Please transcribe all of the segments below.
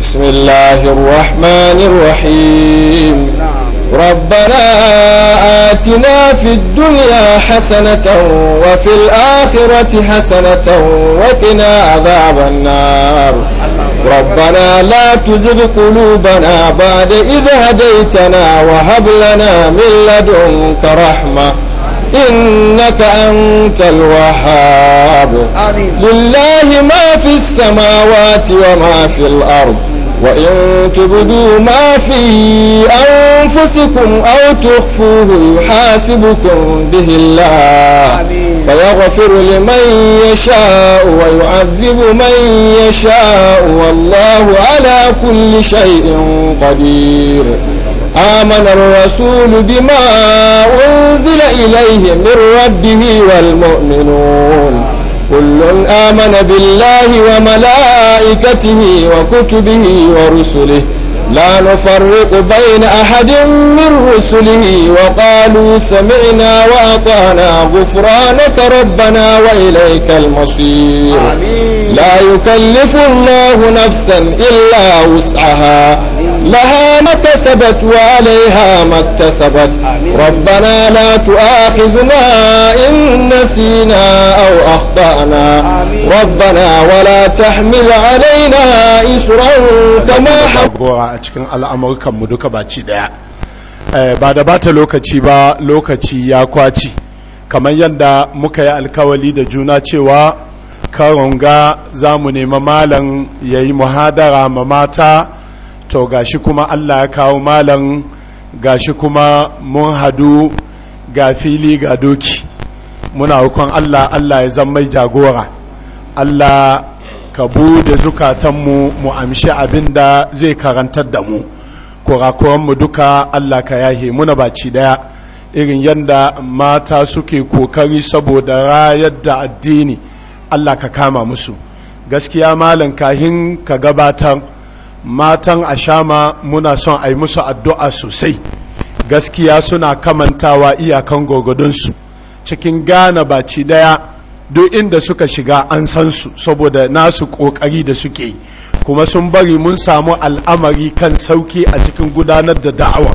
بسم الله الرحمن الرحيم ربنا آتنا في الدنيا حسنة وفي الآخرة حسنة وقنا عذاب النار ربنا لا تزغ قلوبنا بعد إذ هديتنا وهب لنا من لدنك رحمة إنك أنت الوهاب لله ما في السماوات وما في الأرض وإن تبدوا ما في أنفسكم أو تخفوه يحاسبكم به الله فيغفر لمن يشاء ويعذب من يشاء والله على كل شيء قدير آمن الرسول بما أنزل إليه من ربه والمؤمنون كل آمن بالله وملائكته وكتبه ورسله لا نفرق بين أحد من رسله وقالوا سمعنا وأطعنا غفرانك ربنا وإليك المصير لا يكلف الله نفسا إلا وسعها لها ما اكتسبت وعليها ما اكتسبت ربنا لا تؤاخذنا إن نسينا أو أخطأنا ربنا ولا تحمل علينا إسرا كما حب cikin al'amuran mu duka baci daya eh, ba da bata lokaci ba lokaci ya kwaci kamar yadda muka yi alkawali da juna cewa karonga za mu nema malam ya yi muhadara ma mata to gashi kuma allah ya kawo malam gashi kuma mun hadu ga fili ga doki muna hukun allah allah ya zama jagora allah ka bude zukatanmu mu amshi abin da zai karantar da mu kurakuranmu duka allah ka yahe muna baci daya irin yadda mata suke kokari saboda rayar da addini allah ka kama musu gaskiya malam kahin ka gabatar matan ashama muna son a yi musu addu'a sosai gaskiya suna kamantawa iyakan gogodonsu cikin gane baci daya duk inda suka shiga an san su saboda nasu kokari da suke kuma sun bari mun samu al'amari kan sauki a cikin gudanar da da'awa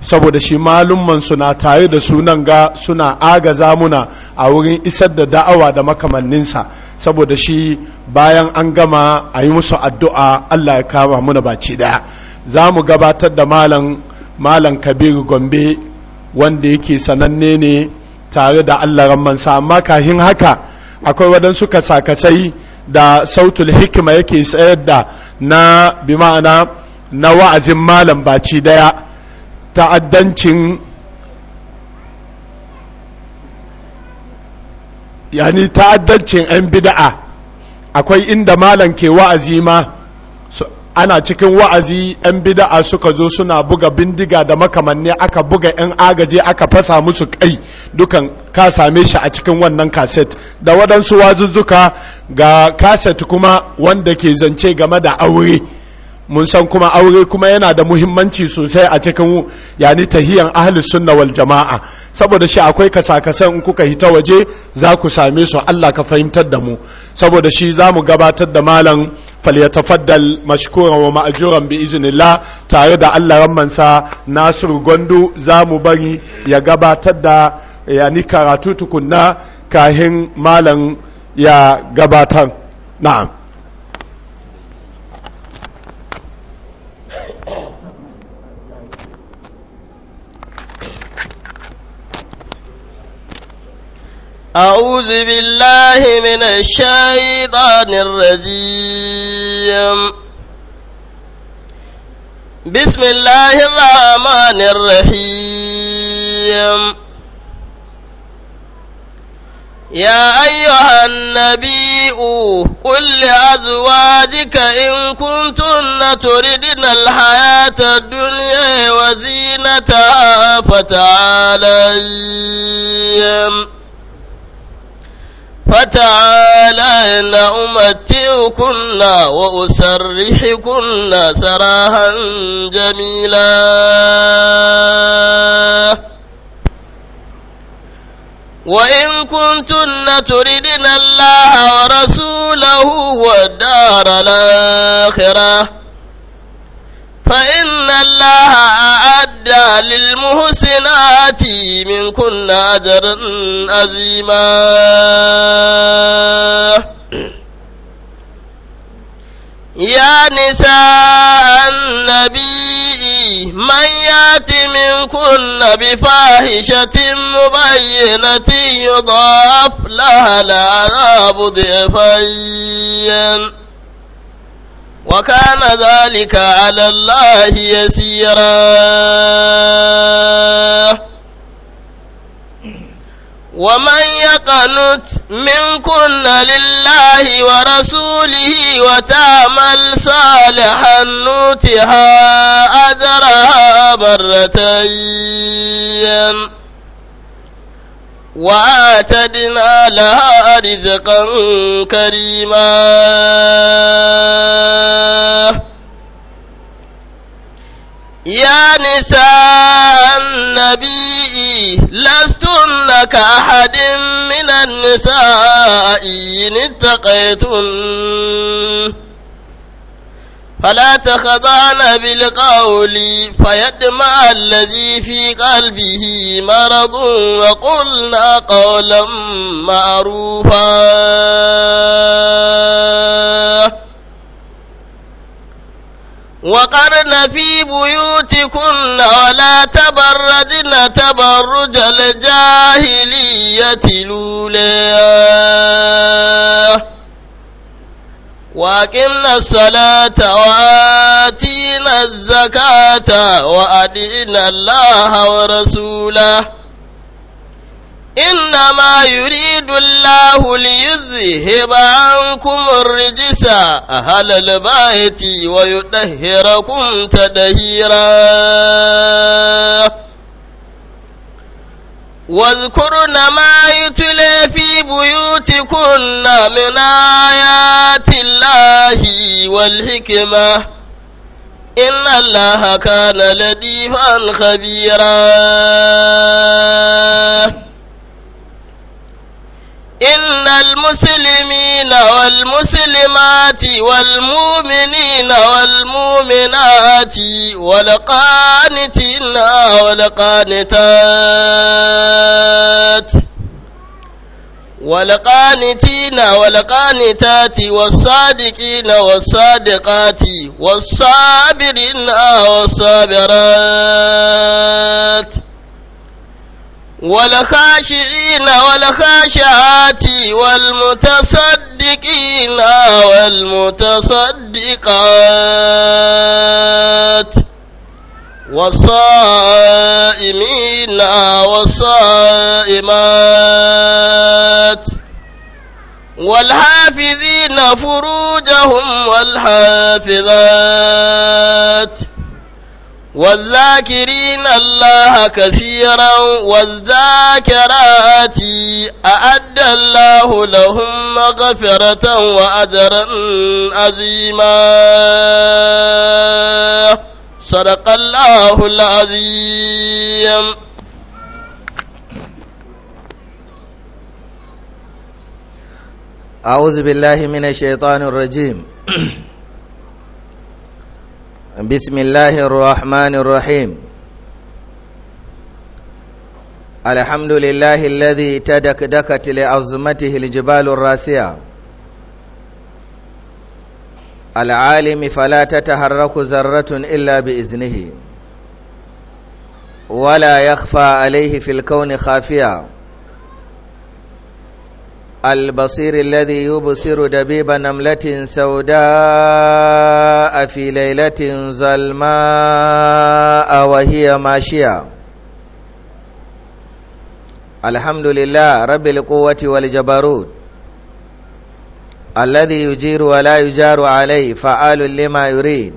saboda shi malumman suna tare da sunan ga suna agaza muna a wurin isar da da'awa da makamanninsa saboda shi bayan an gama a yi musu addu'a allah ya kama muna baci daya za mu gabatar da malam malam kabir gombe wanda yake sananne ne tare da allah rammansa amma kahin haka akwai waɗansu kasakasai da sautul hikima yake tsayar da na bi ma'ana na wa'azin malam baci daya ta'addancin yani ta'addancin 'yan bida'a akwai inda malam ke wa'azi ma ana cikin wa'azi 'yan bida'a suka zo suna buga bindiga da makamanni aka buga 'yan agaje aka fasa musu kai dukan ka same shi a cikin wannan kaset da waɗansu wazuzzuka ga kaset kuma wanda ke zance game da aure mun san kuma aure kuma yana da muhimmanci sosai a cikin yani tahiyan ahli sunna wal jama'a saboda shi akwai kasakasan in kuka hita waje za ku same su Allah ka fahimtar da mu saboda shi za mu gabatar da malam falyatafaddal mashkuran wa ma'ajuran bi iznillah tare da Allah ramansa Nasiru Gondo za mu bari ya gabatar da yani karatu tukunna kahin malam ya gabatar na'am أعوذ بالله من الشيطان الرجيم بسم الله الرحمن الرحيم يا أيها النبي قل لأزواجك إن كنتن تردن الحياة الدنيا وزينتها فتعالين فتعالين أمتعكن وأسرحكن سراها جميلا وإن كنتن تردن الله ورسوله والدار الآخرة فإن الله أعد للمحسنات منكن أجرا عظيما يا نساء النبي من يات منكن بفاحشة مبينة يضاف لها العذاب ضعفين وكان ذلك على الله يسيرا ومن يقنت منكن لله ورسوله وتعمل صالحا نوتها أجرها مرتين وأعتدنا لها رزقا كريما يا نساء النبي لستن كأحد من النساء إن اتقيتن فلا تخضعن بالقول فيدمع الذي في قلبه مرض وقلنا قولا معروفا وقرن في بيوتكن ولا تبردن تبرج الجاهلية الأولى وأقمنا الصلاة وآتينا الزكاة وأدينا الله ورسوله إنما يريد الله ليذهب عنكم الرجس أهل البيت ويطهركم تدهيراً واذكرن ما يتلى في بيوتكن من الله والحكمة إن الله كان لطيفا خبيرا إن المسلمين والمسلمات والمؤمنين والمؤمنات والقانتين والقانتات والقانتين والقانتات والصادقين والصادقات والصابرين والصابرات والخاشعين والخاشعات والمتصدقين والمتصدقات والصائمين والصائمات والحافظين فروجهم والحافظات والذاكرين الله كثيرا والذاكرات أعد الله لهم مغفرة وأجرا عظيما صدق الله العظيم أعوذ بالله من الشيطان الرجيم بسم الله الرحمن الرحيم الحمد لله الذي تدكدكت لعظمته الجبال الراسيه العالم فلا تتحرك ذرة إلا بإذنه ولا يخفى عليه في الكون خافيا البصير الذي يبصر دبيب نملة سوداء في ليلة ظلماء وهي ماشية الحمد لله رب القوة والجبروت الذي يجير ولا يجار عليه فعال لما يريد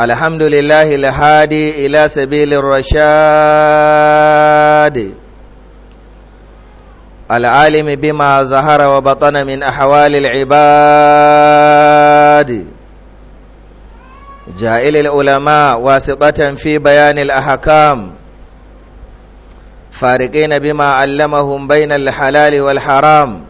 الحمد لله الهادي إلى سبيل الرشاد العالم بما ظهر وبطن من أحوال العباد جائل العلماء واسطة في بيان الأحكام فارقين بما علمهم بين الحلال والحرام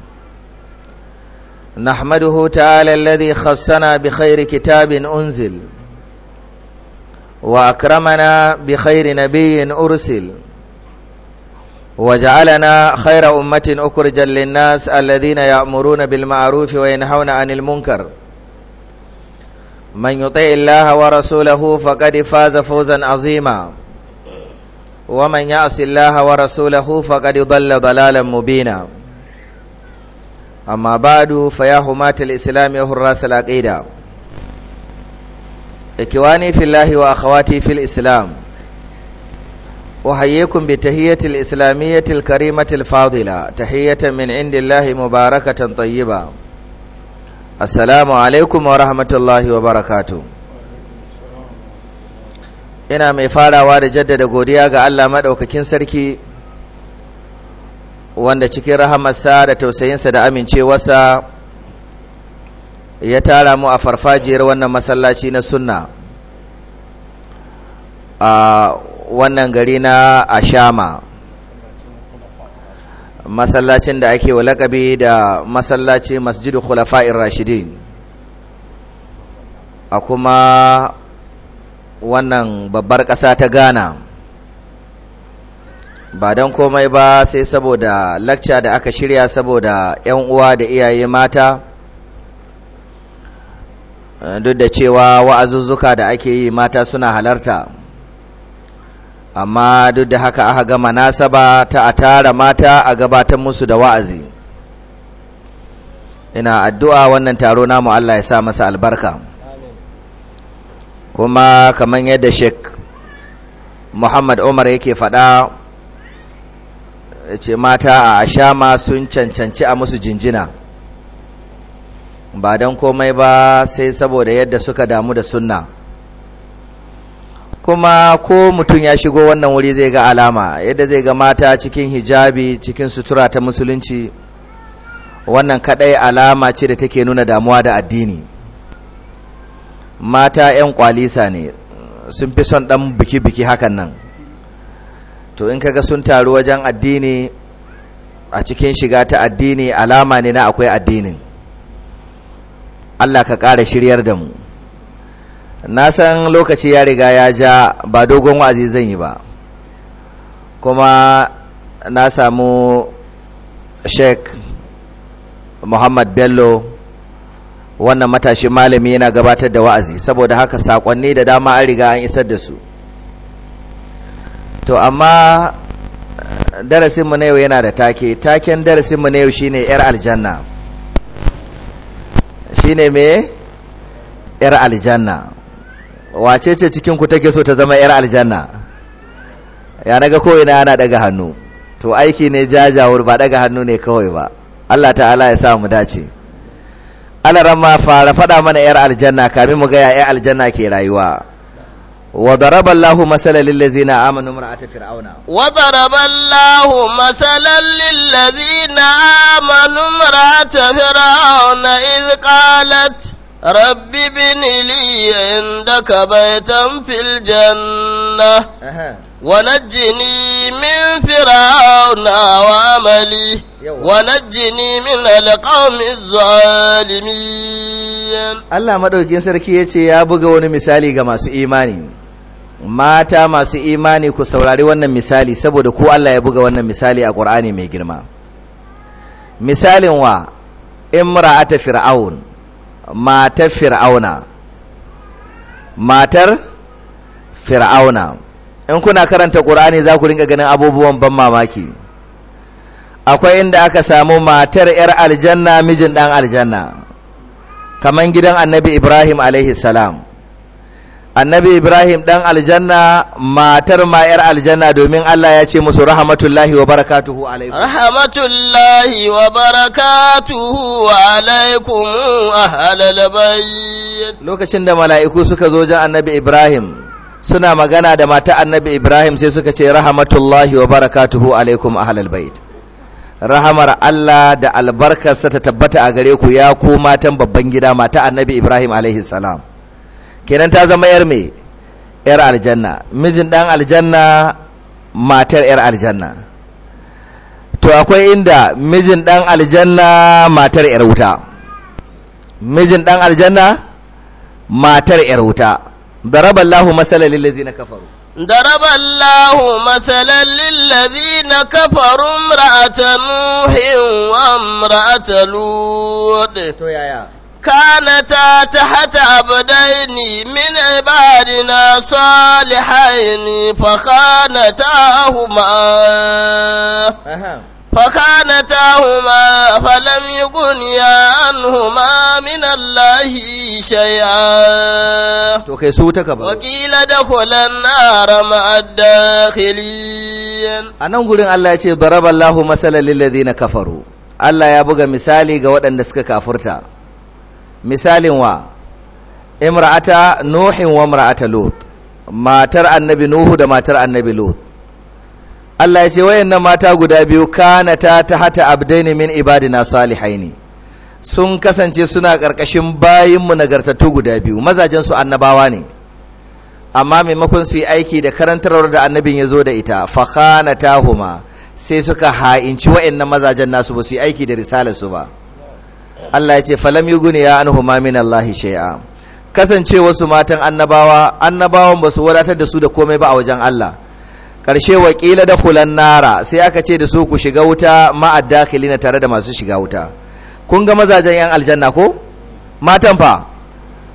نحمده تعالى الذي خصنا بخير كتاب أنزل وأكرمنا بخير نبي أرسل وجعلنا خير أمة أكرجا للناس الذين يأمرون بالمعروف وينهون عن المنكر من يطع الله ورسوله فقد فاز فوزا عظيما ومن يعص الله ورسوله فقد ضل ضلالا مبينا amma badu faya humata l'islam ya hurra salaƙida ikiwani fillahi wa akhawati fil islam uhayyakum bi tahiyatil islamiyyatil karimatil fadila tahiyatan min indillahi mubarakatan tayyiba assalamu alaikum wa rahmatullahi wa barakatuh ina mai farawa da jaddada godiya ga Allah maɗaukakin sarki wanda cikin rahamarsa da tausayinsa da amincewarsa ya tara mu a farfajiyar wannan masallaci na sunna a wannan gari na ashama masallacin da ake wa lakabi da masallaci masjidu khulafa'ir rashidin a kuma wannan babbar ƙasa ta ghana ba don komai ba sai saboda lakca da aka shirya saboda 'yan uwa da iyaye mata eh, duk da cewa wa'azuzzuka da ake yi mata suna halarta amma duk da haka aka gama nasaba ta a tara mata a gabatar musu da wa'azi ina addu'a wannan taro namu Allah ya sa masa albarka kuma kamar yadda shek Muhammad Umar yake faɗa ya ce mata a ashama sun cancanci a musu jinjina ba don komai ba sai saboda yadda suka damu da sunna kuma ko mutum ya shigo wannan wuri zai ga alama yadda zai ga mata cikin hijabi cikin sutura ta musulunci wannan kadai alama ce da take nuna damuwa da addini mata 'yan kwalisa ne sun fi son dan biki-biki hakan nan to in kaga sun taru wajen addini a cikin shiga ta addini alama ne na akwai addinin Allah ka kara shiryar da mu na san lokaci ya riga ya ja ba dogon wa'azi zan yi ba kuma na samu sheik muhammad bello wannan matashin malami yana gabatar da wa'azi saboda haka sakonni da dama an riga an isar da su to amma eh, darasinmu na yau yana da take taken darasinmu na yau shine yar aljanna shine me yar aljanna wace ce cikin ku take so ta zama yar aljanna ya naga na yana daga hannu to aiki ne jajawur ba daga hannu ne kawai ba Allah ta'ala ya sa mu dace Allah ramma fara faɗa mana yar aljanna kamin mu ga ya yar aljanna ke rayuwa وضرب الله مثلا للذين آمنوا امرأة فرعون وضرب الله مثلا للذين آمنوا امرأة فرعون إذ قالت رب ابن لي عندك بيتا في الجنة ونجني من فرعون وعملي ونجني من القوم الظالمين الله مدوكين سركي يا بوغا وني مثالي ga masu imani mata masu imani ku saurari wannan misali saboda ko Allah ya buga wannan misali a Qur'ani mai girma misalin wa imra'ata fir'aun matar fir'auna matar fir'auna in kuna karanta Qur'ani za ku ringa ganin abubuwan ban mamaki akwai inda aka samu matar 'yar aljanna mijin dan aljanna kaman gidan annabi Ibrahim alaihi salam annabi ibrahim dan aljanna matar ma aljanna domin Allah ya ce musu rahmatullahi wa barakatuhu alaikum rahmatullahi wa barakatuhu alaikum ahlal bayt lokacin da mala'iku suka zo jan annabi ibrahim suna magana da mata annabi ibrahim sai suka ce rahmatullahi wa barakatuhu alaikum ahlal bayt rahamar Allah da albarkarsa ta tabbata a gare ku ya ku matan babban gida mata annabi ibrahim alaihi salam kenan ta zama yar me yar aljanna mijin dan aljanna matar yar aljanna to akwai inda mijin dan aljanna matar yar wuta mijin dan aljanna matar yar wuta daraballahu masalan lil ladzina kafaru ضرب الله مثلا للذين wa امرأة نوح to yaya كانتا تحت عبدين من عبادنا صالحين فخانتاهما فخانتاهما فلم يغنيا عنهما من الله شيئا وقيل دخل النار مع الداخلين أنا أقول الله يقول ضرب الله مثلا للذين كفروا الله يا buga مثالي ga waɗanda suka kafurta misalin wa imra'ata nuhin wa imra'ata lut matar annabi nuhu da matar annabi lut Allah ya ce wayannan mata guda biyu kanata ta hata abdaini min ibadina salihaini sun kasance suna ƙarƙashin bayinmu nagartattu guda biyu mazajen su annabawa ne amma maimakon su yi aiki da karantarwar da annabin ya zo da ita fakhanatahuma sai suka ha'inci wayannan mazajen nasu ba su yi aiki da risalar su ba Allah ya ce falam guni ya anhu ma min Allah shay'a kasance wasu matan annabawa annabawan ba su wadatar da su da komai ba a wajen Allah karshe waƙila da kulan nara sai aka ce da su ku shiga wuta ma'addakhilina tare da masu shiga wuta kun ga mazajen yan aljanna ko matan fa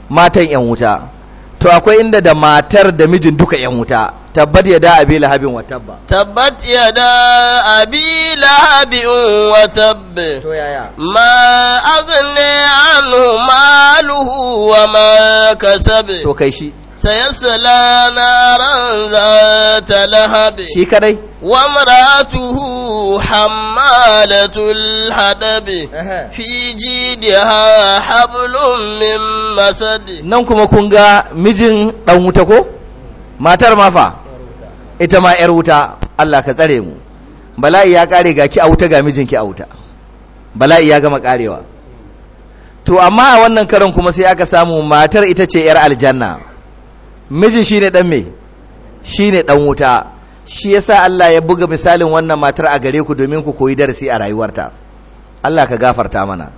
matan yan wuta to akwai inda da matar da mijin duka yan wuta tabbat yada abi lahabin wa tabba tabbat yada abi lahabin wa tabba to yaya ma aghni anu maluhu wa ma kasabe to kai shi سيصلى نارا ذات لهب شي وامرأته حمالة الحدب في جيدها حبل min masadi nan kuma kun ga mijin dan wuta ko matar ma fa ita ma yar wuta Allah ka tsare mu bala'i ya kare ga ki a wuta ga mijinki a wuta bala'i ya gama karewa to amma a wannan karon kuma sai aka samu matar ita ce yar aljanna mijin shi ne ɗan me Shi ne ɗan wuta shi yasa Allah ya buga misalin wannan matar a gare ku domin ku koyi darasi a rayuwarta Allah ka gafarta mana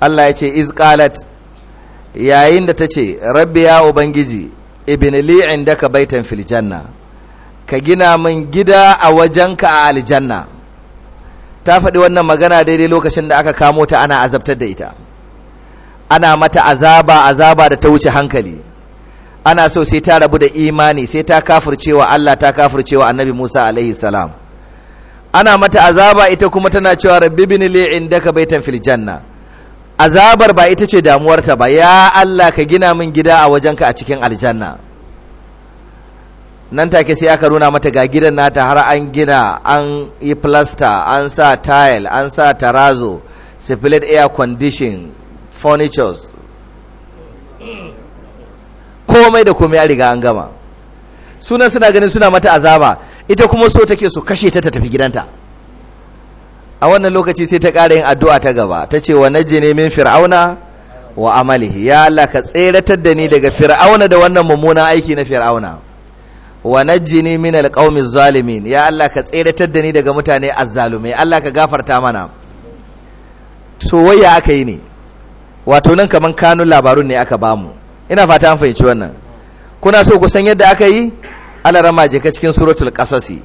Allah ya ce izqalat yayin da ta ce rabbi ya ubangiji ibn li indaka baitan fil janna ka gina min gida a wajenka a aljanna ta faɗi wannan magana daidai lokacin da aka kamo ta ana azabtar da ita ana mata azaba azaba da ta wuce hankali ana so sai ta rabu da imani sai ta kafircewa Allah ta kafircewa annabi Musa alaihi salam ana mata azaba ita kuma tana cewa rabbi bin li indaka baitan fil janna azabar ba ita ce damuwarta ba ya Allah ka gina min gida a ka a cikin aljanna nan take sai aka nuna mata ga gidan nata har an gina an yi plaster an sa tile an sa tarazo split air condition furnitures komai da komai ya riga an gama sunan suna ganin suna mata azaba ita kuma so take su kashe ta ta tafi gidanta a wannan lokaci sai ta ƙara yin addu'a ta gaba ta ce wa ne min fir'auna wa amalihi ya Allah ka tseratar da ni daga fir'auna da wannan mummuna aiki na fir'auna wa ne min alqaumi zalimin ya Allah ka tseratar da ni daga mutane azzalumai Allah ka gafarta mana to waya aka yi ne wato nan kaman kanun labarun ne aka bamu ina fata an fahimci wannan kuna so ku san yadda aka yi alarama je ka cikin suratul kasasi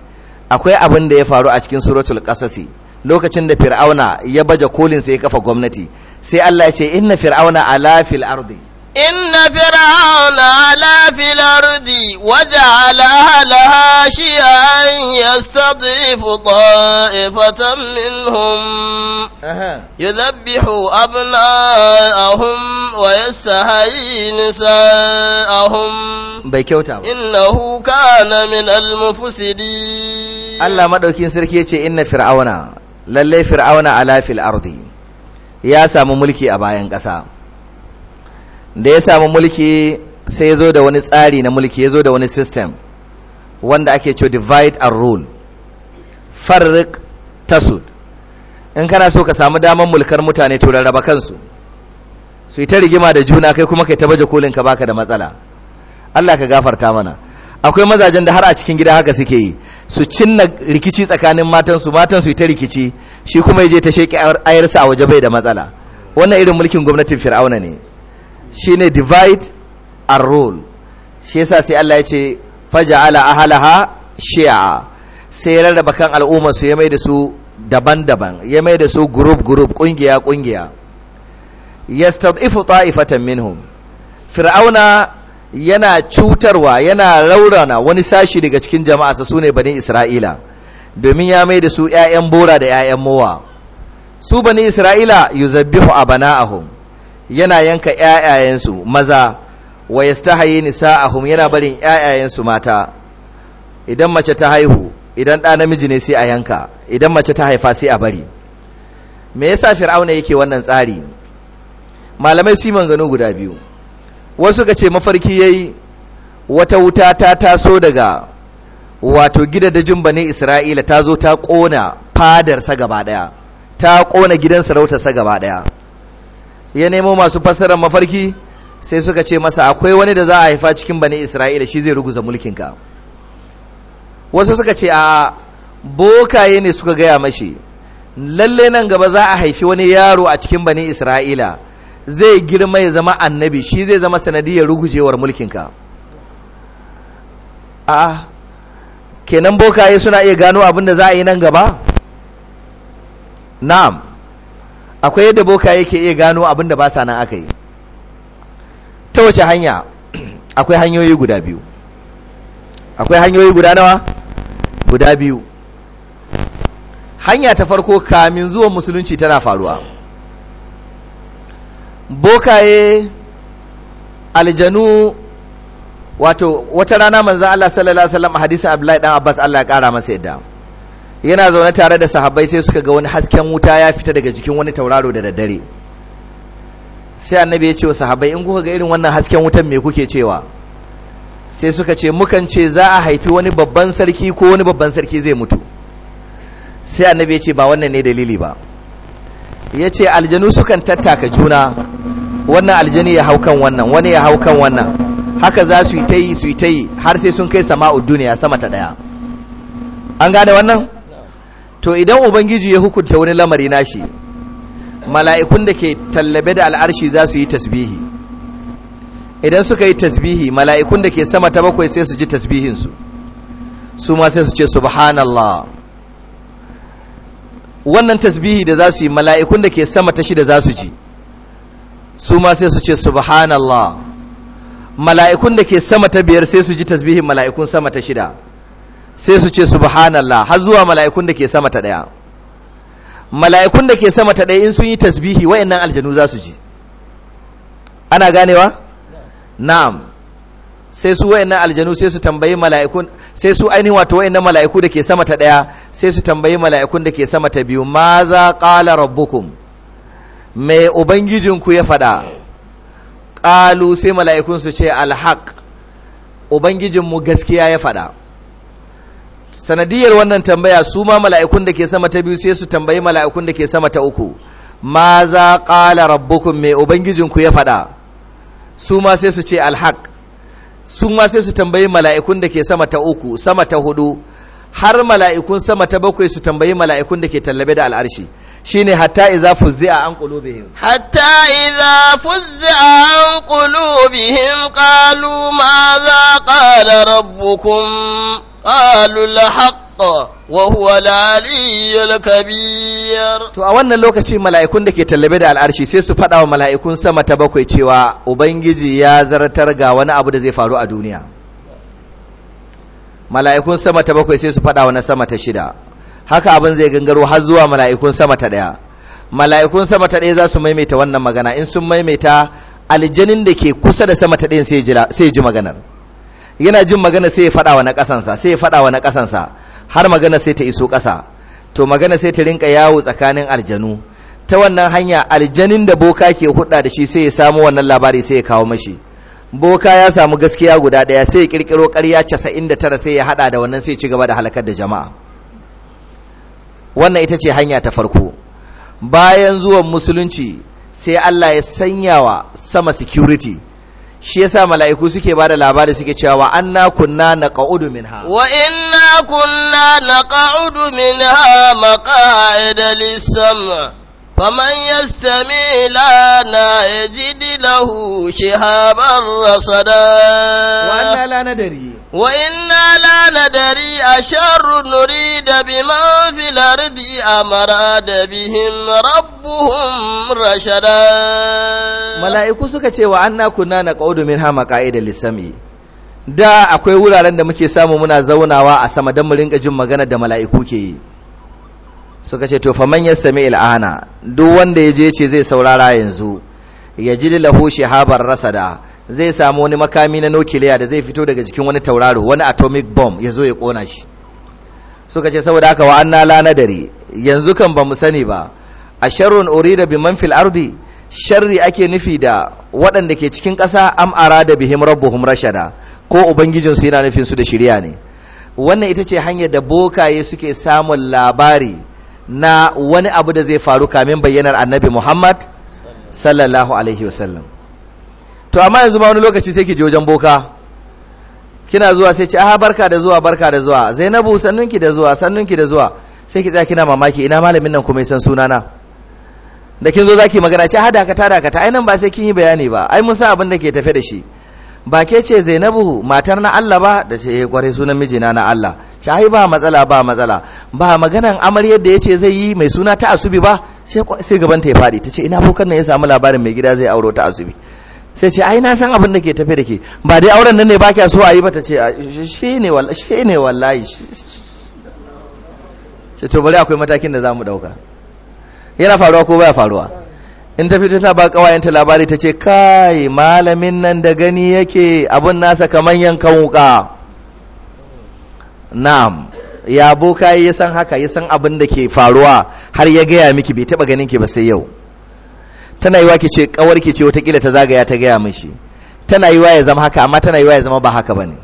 akwai abin da ya faru a cikin suratul kasasi lokacin da fir'auna ya baje kolin sai ya kafa gwamnati sai Allah ya ce inna fir'auna ala fil ardi Inna fir'aun ala fil ardi wa ja'ala laha shi'an yastadifu ta'ifatan minhum yudhabbihu abna'ahum wa yastahayi nisa'ahum bai kyauta ba innahu kana min al Allah madaukin sarki yace inna fir'auna lalle fir'auna ala ardi ya samu mulki a bayan ƙasa. da ya samu mulki sai ya zo da wani tsari na mulki ya zo da wani system wanda ake cewa divide and rule farrik tasud in kana so ka samu damar mulkar mutane to rarraba kansu su yi ta rigima da juna kai kuma kai ta baje kolin ka baka da matsala Allah ka gafarta mana akwai mazajen da har a cikin gida haka suke yi su cinna rikici tsakanin matansu matan su yi ta rikici shi kuma ya je ta sheki ayarsa a waje bai da matsala wannan irin mulkin gwamnatin fir'auna ne shine divide and rule shi yasa sai Allah ya ce faja'ala ahalaha shi'a sai ya rarraba kan al'umma su ya mai da su daban-daban ya mai da su group group kungiya kungiya yastad'ifu ta'ifatan minhum fir'auna yana cutarwa yana raurana wani sashi daga cikin jama'a su sune bani isra'ila domin ya mai da su 'ya'yan bora da 'ya'yan mowa su bani isra'ila yuzabbihu abana'ahum yana yanka ƴaƴayensu maza wa yastahayi nisa'ahum yana barin ƴaƴayensu mata idan mace ta haihu idan ɗa namiji ne sai a yanka idan mace ta haifa sai a bari me yasa fir'auna yake wannan tsari malamai su gano guda biyu wasu ka ce mafarki yayi wata wuta ta taso daga wato gida gidadajin bane isra'ila ta zo ta ƙona fadarsa gaba ɗaya ta ƙona gidan sa gaba ɗaya ya nemo masu fassarar mafarki sai suka ce masa akwai wani da za a haifa cikin bani isra'ila shi zai ruguza mulkinka wasu suka ce a bokaye ne suka gaya mashi lalle nan gaba za a haifi wani yaro a cikin bani isra'ila zai girma ya zama annabi shi zai zama sanadiyar rugujewar mulkinka a kenan bokaye suna iya gano abin da za a yi nan gaba na'am akwai yadda boka yake iya gano abin da ba sa nan aka yi ta wace hanya akwai hanyoyi guda biyu akwai hanyoyi guda nawa guda biyu hanya ta farko kamin zuwan musulunci tana faruwa bokaye aljanu wato wata rana manzan Allah sallallahu alaihi wasallam hadisun abu dan Abbas Allah ya kara masa yadda yana zaune tare da sahabbai sai suka ga wani hasken wuta ya fita daga jikin wani tauraro da daddare sai annabi ya ce wa sahabbai in kuka ga irin wannan hasken wutan me kuke cewa sai suka ce mukan ce za a haifi wani babban sarki ko wani babban sarki zai mutu sai annabi ya ce ba wannan ne dalili ba ya ce aljanu sukan tattaka juna wannan aljani ya hau kan wannan wani ya hau kan wannan haka za su yi ta yi su yi ta yi har sai sun kai sama'ud duniya sama ta ɗaya an gane wannan to idan ubangiji ya hukunta wani lamari nashi mala'ikun da ke tallabe da al'arshi za su yi tasbihi idan suka yi tasbihi mala'ikun da ke sama ta bakwai sai su ji tasbihinsu su ma sai su ce subhanallah wannan tasbihi da za su yi mala'ikun da ke sama ta shida za su ji su ma sai su ce subhanallah mala'ikun da ke sama ta biyar sai su ji tasbihin mala'ikun sama ta shida sai su ce subhanallah har zuwa mala'ikun da ke sama ta daya mala'ikun da ke sama ta daya in sun yi tasbihi wayannan aljanu za su ji ana ganewa na'am sai su wayannan aljanu sai su tambayi mala'ikun sai su ainihin wato wayannan mala'iku da ke sama ta daya sai su tambayi mala'ikun da ke sama ta biyu ma za qala rabbukum me ubangijinku ya faɗa qalu sai mala'ikun su ce alhaq ubangijinmu gaskiya ya faɗa sanadiyar wannan tambaya su ma mala'ikun da ke sama ta biyu sai su tambayi mala'ikun da ke sama ta uku ma za ƙala rabbukun mai ubangijinku ya faɗa su ma sai su ce alhaq su ma sai su tambayi mala'ikun da ke sama ta uku sama ta hudu har mala'ikun sama ta bakwai su tambayi mala'ikun da ke tallabe da al'arshi shine hatta fuzzi a an ƙulubihim hatta fuzzi a an ƙulubihim ƙalu ma za ƙala rabbukun wa huwa al-aliyyul kabir to a wannan lokaci mala'ikun da ke tallabe da al'arshi sai su fada wa mala'ikun sama ta bakwai cewa ubangiji ya zartar ga wani abu da zai faru a duniya mala'ikun sama ta bakwai sai su fada wa na sama ta shida haka abin zai gangaro har zuwa mala'ikun sama ta ɗaya mala'ikun sama ta ɗaya za su maimaita wannan magana in sun maimaita aljanin da ke kusa da sama ta ɗayan sai ji maganar yana jin magana sai ya faɗa wa na ƙasansa sai ya faɗa wa na ƙasansa har magana sai ta iso ƙasa to magana sai ta rinka yawo tsakanin aljanu ta wannan hanya aljanin da boka ke hudda da shi sai ya samu wannan labari sai ya kawo mashi boka ya samu gaskiya guda ɗaya sai ya kirkiro ƙarya casa'in da tara sai ya hada da wannan sai ya ci gaba da halakar da jama'a wannan ita ce hanya ta farko bayan zuwan musulunci sai Allah ya sanya wa sama security shi yasa mala'iku suke bada labari suke cewa wa anna kunna naqa'udu minha wa inna kunna naqa'udu minha maqa'ida lis-sam' فمن يستمع لنا يجد له شهابا رصدا وأنا لا ندري وإنا لا ندري أشر نريد بمن في الأرض أمراد بهم ربهم رشدا ملائكو suka ce wa anna kunna naqudu hama ka'ida lisami da akwai wuraren da muke samu muna zaunawa a sama don mu rinka jin magana da mala'iku ke yi suka ce to faman yastami il'ana duk wanda ya je ce zai saurara yanzu ya ji lahu shihabar rasada zai samu wani makami na nukiliya da zai fito daga jikin wani tauraro wani atomic bomb ya zo ya kona shi suka ce saboda haka wa anna la nadari yanzu kan bamu sani ba a sharrun urida bi man fil ardi sharri ake nufi da waɗanda ke cikin ƙasa am arada bihim rabbuhum rashada ko ubangijin su yana nufin su da shirya ne wannan ita ce hanyar da bokaye suke samun labari na wani abu da zai faru kamin bayyanar annabi Muhammad sallallahu alaihi wasallam to amma yanzu ma wani lokaci sai ki je wajen boka kina zuwa sai ce aha barka da zuwa barka da zuwa Zainabu sannunki da zuwa sannunki da zuwa sai ki tsaya kina mamaki ina malamin nan kuma san sunana da kin zo zaki magana ce aha dakata dakata ai nan ba sai kin yi bayani ba ai mun san abin da ke tafe da shi ba ke ce zainabu matar na Allah ba da ce eh, kware sunan mijina na Allah shahi ba matsala ba matsala ba maganan amaryar da ya ce zai yi mai suna ta asubi ba sai gaban ta ya fadi ce ina bokan nan ya samu labarin mai gida zai auro ta asubi sai ce ai na san abin da ke tafe da ke ba dai auren nan ne ba kya so a yi ba ta ce shi ne wallahi ce to bari akwai matakin da zamu dauka yana faruwa ko baya faruwa in ta fito ta ba kawayenta labari ta ce kai malamin nan da gani yake abun nasa kamar yankan wuka na'am ya boka ya san haka ya san abin da ke faruwa har ya gaya miki bai taba ganin ki ba sai yau tana yiwa ki ce kawar ki ce watakila ta zagaya ta gaya mishi tana yiwa ya zama haka amma tana yiwa ya zama ba haka bane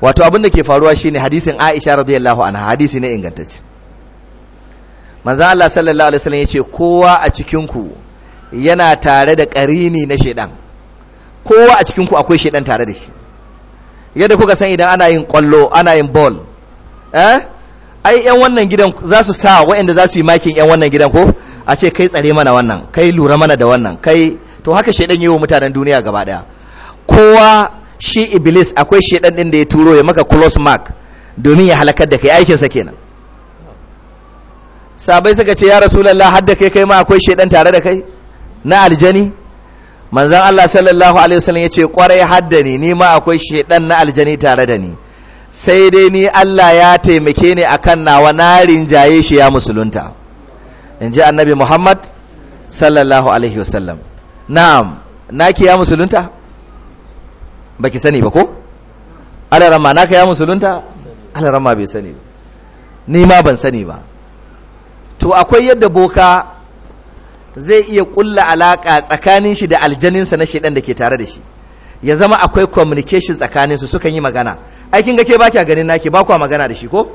wato abin da ke faruwa shine hadisin Aisha radiyallahu anha hadisi ne ingantacce manzan Allah sallallahu alaihi wasallam yace kowa a cikin ku yana tare da ƙarini na shaidan kowa a cikinku akwai shaidan tare da shi yadda kuka san idan ana yin kwallo ana yin ball eh ai yan wannan gidan za su sa waɗanda za su yi makin yan wannan gidan ko a ce kai tsare mana wannan kai lura mana da wannan kai to haka shaidan yi wa mutanen duniya gaba daya kowa shi iblis akwai shaidan din da ya turo ya maka close mark domin ya halakar da kai aikinsa kenan sabai suka ce ya rasulallah har da kai kai ma akwai shaidan tare da kai na aljani manzan Allah sallallahu alaihi wasallam ya ce kwarai haddani ni ma akwai shaidan na aljani tare da ni sai dai ni Allah ya taimake ni akan nawa na rinjaye shi ya musulunta in ji annabi Muhammad sallallahu alaihi wasallam na'am naki ya musulunta Ba ki sani ba ko alarama naka ya musulunta alarama bai sani ba ni ma ban sani ba to akwai yadda boka zai iya kulla alaka tsakanin shi da aljaninsa na shedan da ke tare da shi ya zama akwai communication tsakanin su sukan yi magana aikin kin ke ba kya ganin naki ba kwa magana da shi ko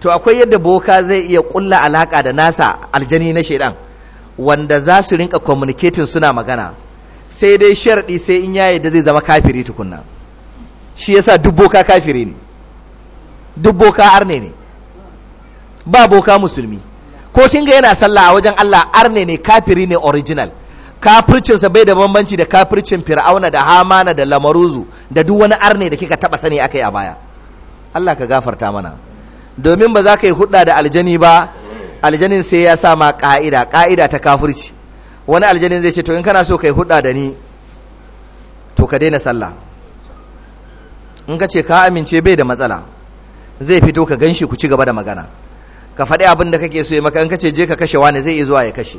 to akwai yadda boka zai iya kulla alaka da nasa aljani na shedan wanda za su rinka communicating suna magana sai dai sharadi sai in yayi da zai zama kafiri tukunna shi yasa duk boka kafiri ne duk boka arne ne ba boka musulmi ko kin ga yana sallah a wajen Allah arne ne kafiri ne original kafircinsa bai da bambanci da kafircin fir'auna da hamana da lamaruzu da duk wani arne da kika taba sani akai a baya Allah ka gafarta mana domin ba za ka yi hudda da aljani ba aljanin sai ya sa ma ka'ida ka'ida ta kafirci wani aljanin zai ce to in kana so ka hudda da ni to ka daina sallah in ka ce ka amince bai da matsala zai fito ka ganshi ku ci gaba da magana ka faɗi abin da kake so ya maka in ce je ka kashe wani zai iya zuwa ya kashe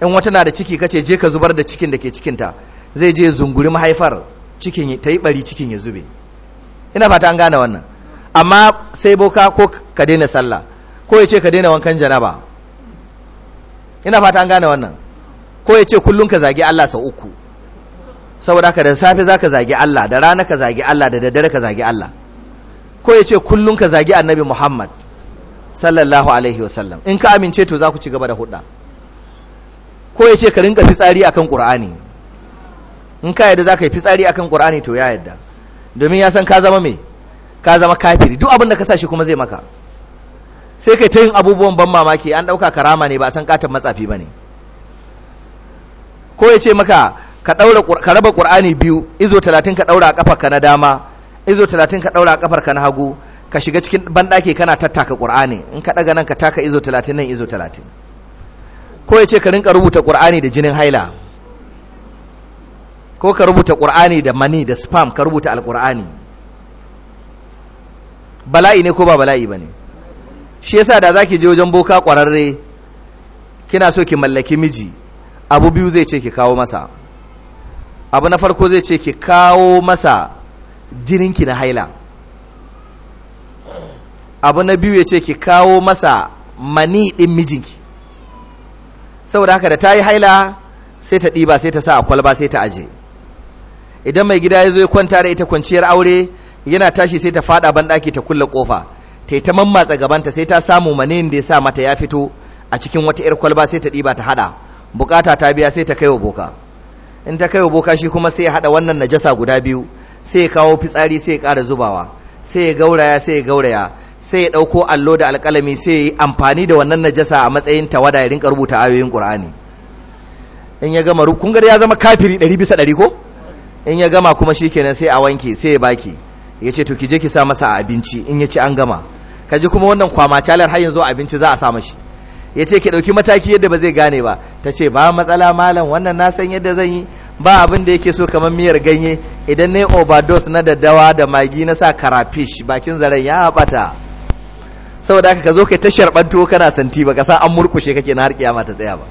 in wata na da ciki ce je ka zubar da cikin da ke cikinta zai je zunguri mahaifar cikin ta yi bari cikin ya zube ina fata an gane wannan amma sai boka ko ka daina sallah ko ya ce ka daina wankan janaba ina fata an gane wannan ko ya ce kullum ka zagi Allah sau uku saboda haka da safe za ka zagi Allah da rana ka zagi Allah da daddare ka zagi Allah ko ya ce kullum ka zagi annabi Muhammad sallallahu alaihi wasallam in ka amince to za ku ci gaba da hudda ko ya ce ka rinka fitsari akan qur'ani in ka yadda za ka yi fitsari akan qur'ani to ya yadda domin ya san ka zama me ka zama kafiri duk abin da ka sa kuma zai maka sai kai ta yin abubuwan ban mamaki an ɗauka karama ne ba a san katon matsafi ba ne ko ya ce maka ka raba qur'ani biyu izo talatin ka ɗaura a ka na dama izo talatin ka ɗaura a ka na hagu ka shiga cikin banɗaki kana tattaka ƙur'ani in ka ɗaga nan ka taka izo talatin nan izo talatin ko ya ce ka rinka rubuta ƙur'ani da jinin haila ko ka rubuta ƙur'ani da mani da spam ka rubuta alƙur'ani bala'i ne ko ba bala'i ba ne shi yasa da za ki je wajen boka ƙwararre kina so ki mallaki miji abu biyu zai ce ki kawo masa abu na farko zai ce ki kawo masa jinin ki na haila abu na biyu ya ce ki kawo masa mani ɗin mijinki saboda haka da ta yi haila sai ta ɗiba sai ta sa a kwalba sai ta aje idan mai gida ya zo ya kwanta da ita kwanciyar aure yana tashi sai ta faɗa banɗaki ta kulle ƙofa ta yi ta mammatsa gabanta sai ta samu mani da ya sa mata ya fito a cikin wata 'yar kwalba sai ta ɗiba ta haɗa bukata ta biya sai ta kai wa boka in ta kai wa boka shi kuma sai ya haɗa wannan najasa guda biyu sai ya kawo fitsari sai ya ƙara zubawa sai ya gauraya sai ya gauraya sai ya ɗauko allo da alƙalami sai ya yi amfani da wannan najasa a matsayin tawada ya rinka rubuta ayoyin ƙur'ani in ya gama kun gari ya zama kafiri ɗari bisa ɗari ko in ya gama kuma shi kenan sai a wanke sai ya baki ya ce to ki je ki sa masa abinci in ya ci an gama ka ji kuma wannan kwama calar har yanzu abinci za a sa mashi ya ce ki ɗauki mataki yadda ba zai gane ba ta ce ba matsala malam wannan na san yadda zan yi ba abin da yake so kamar miyar ganye idan na yi overdose na daddawa da magi na sa karafish bakin zaren ya bata saboda haka ka zo kai ta sharbanto kana santi ba ka sa an murkushe kake na har kiyama ta tsaya ba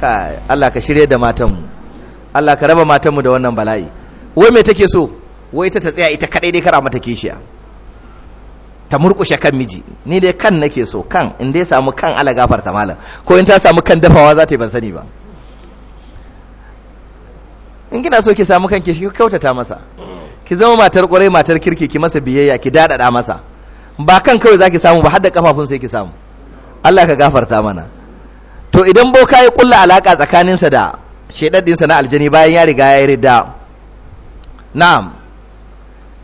ka Allah ka shirye da matan mu Allah ka raba matan mu da wannan bala'i wai me take so wai ita ta tsaya ita kadai dai kara mata kishiya ta murkushe kan miji ni dai kan nake so kan in dai samu kan Allah gafarta malam ko in ta samu kan dafawa za ta yi ban sani ba in kina so ki samu kanki ki kautata masa ki zama matar kwarai matar kirki ki masa biyayya ki dadada masa ba kan kawai zaki samu ba har kafafun sai ki samu Allah ka gafarta mana to idan boka ya kulla alaka tsakaninsa da shedadinsa na aljani bayan ya riga ya rida na'am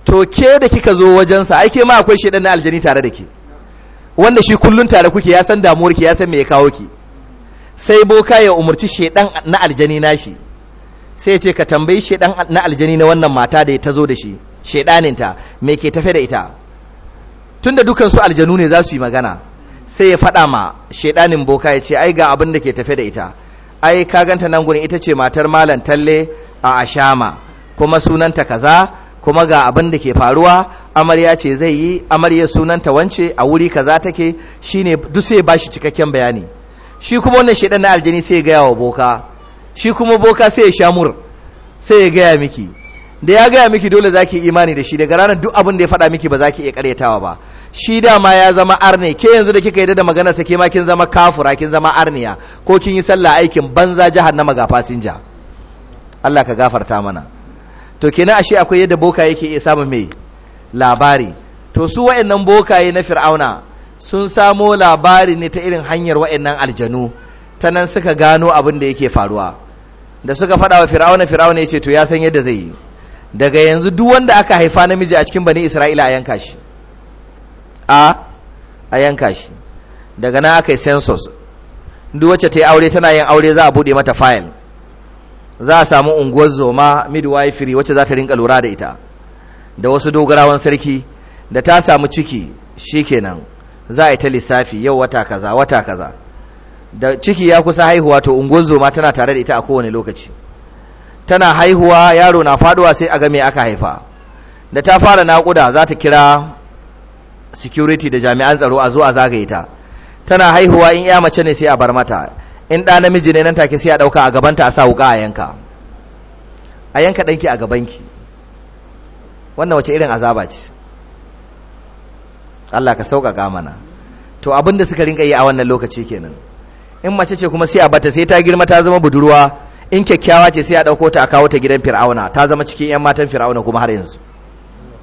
to ke da kika zo wajensa ai ke ma akwai shedan na aljani tare da ke wanda shi kullun tare kuke ya san damuwar ki ya san me ya kawo ki sai boka ya umurci shedan na aljani nashi sai ya ce ka tambayi shedan na aljani na wannan mata da ta zo da shi shedaninta me ke tafe da ita tunda dukan su aljanu ne za su yi magana sai ya faɗa ma shaidanin boka ya ce ai ga abin da ke tafe da ita ai ka ganta nan gurin ita ce matar malan talle a ashama kuma sunanta kaza kuma ga abin da ke faruwa amarya ce zai yi amarya sunanta wance a wuri kaza take shine duk sai bashi cikakken bayani shi kuma wannan shaidan na aljani sai ya gaya wa boka shi kuma boka sai ya shamur sai ya gaya miki da ya gaya miki dole zaki imani da shi daga ranar duk abin da ya faɗa miki ba zaki iya karyatawa ba shi dama ya zama arne ke yanzu da kika yi da magana sa ke ma kin zama kafura kin zama arniya ko kin yi sallah aikin banza jahannama ga fasinja Allah ka gafarta mana to kenan ashe akwai yadda boka yake iya samun mai labari to su wa'annan bokaye na fir'auna sun samo labari ne ta irin hanyar wa'annan aljanu ta nan suka gano abin da yake faruwa da suka faɗa wa fir'auna fir'auna ya ce to ya san yadda zai yi daga yanzu duk wanda aka haifa namiji a cikin bani isra'ila a yanka shi a a yanka shi daga nan aka yi census duk wacce ta yi aure tana yin aure za a buɗe mata fayil za a samu unguwar zoma midwifery wacce za ta rinka lura da ita da wasu dogarawan sarki da ta samu ciki shikenan za a yi ta lissafi yau wata kaza wata kaza da ciki ya kusa haihuwa to unguwar zoma tana tare da ita a kowane lokaci tana haihuwa yaro na faduwa sai a game aka haifa da ta fara naƙuda za ta kira security da jami'an tsaro a zo a zagaye ta tana haihuwa in ya mace ne sai a bar mata in ɗa namiji ne nan take sai a ɗauka a gabanta a sa wuƙa a yanka a yanka ɗanki a gabanki wannan wace irin azaba ce Allah ka sauƙaƙa mana to abin da suka rinka yi a wannan lokaci kenan in mace ce kuma sai a bata sai ta girma ta zama budurwa in kyakkyawa ce sai a ɗauko ta a kawo ta gidan fir'auna ta zama cikin 'yan matan fir'auna kuma har yanzu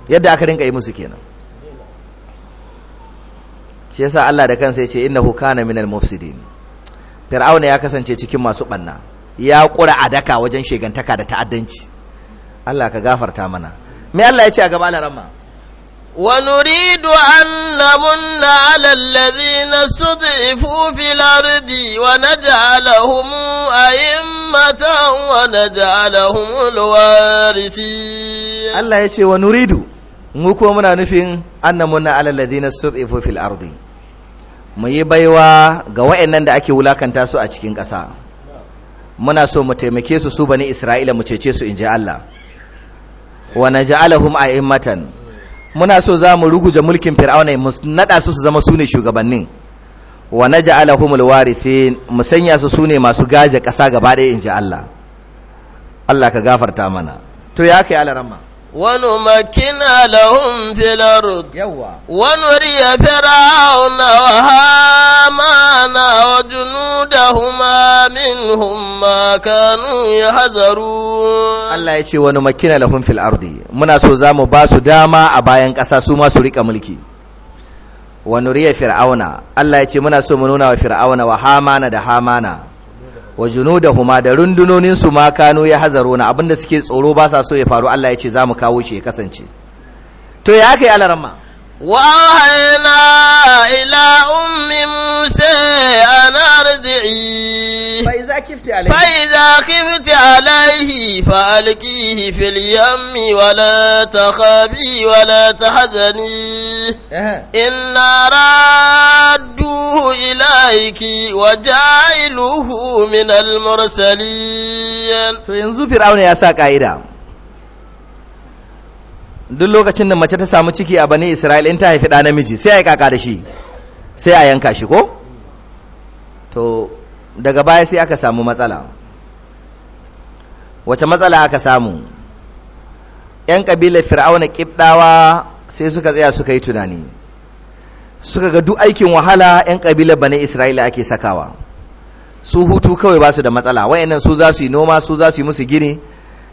yadda aka rinka yi musu kenan shi yasa Allah da kansa ya ce innahu kana minal mufsidin fir'auna ya kasance cikin masu banna ya kura adaka wajen shegantaka da ta'addanci Allah ka gafarta mana me Allah ya ce a gaba laramma ونريد أن نمن على الذين استضعفوا في الأرض ونجعلهم أئمة ونجعلهم الوارثين الله يشي ونريد muko muna nufin annamuna alal ladina stud'ifu fil ardi mu yi baiwa ga wayannan da ake wulakanta su a cikin ƙasa muna so mu taimake su su bani isra'ila mu cece su in inji Allah wa naj'alahum a'immatan muna so za mu ruguje mulkin fir'auna mu nada su su zama sune shugabannin wa naj'alahumul warithin mu sanya su sune masu gaje kasa gaba ɗaya inji Allah Allah ka gafarta mana to ya kai alaramma ونمكن لهم في الأرض fir'auna wa hamana wa جنودهما منهم ما كانوا يحذرون Allah ya ce wani makina lahun fil ardi muna so za mu ba su dama a bayan kasa su ma su riƙa mulki wa nuriya fir'auna Allah ya ce muna so mu nuna wa fir'auna wa hamana da hamana wa junudahuma da rundunonin su ma kanu ya hazaruna abinda suke tsoro ba sa so ya faru Allah ya ce za mu kawo shi ya kasance to ya kai alarma wa ila ummi musa anar عليه فإذا كفت عليه فإذا خفت عليه فألقيه في اليم ولا تخافي ولا تحزني إنا رادوه إليك وجعلوه yanzu fir'auna ya sa ka'ida duk lokacin da mace ta samu ciki a bani israel in ta haifi ɗa namiji sai a yi kaka da shi sai a yanka shi ko daga baya sai aka samu matsala wace matsala aka samu 'yan kabilar fir'auna ƙibɗawa sai suka tsaya suka yi tunani suka ga duk aikin wahala 'yan kabilar bane isra'ila ake sakawa su hutu kawai basu da matsala wayannan su za su yi noma su za su yi musu gini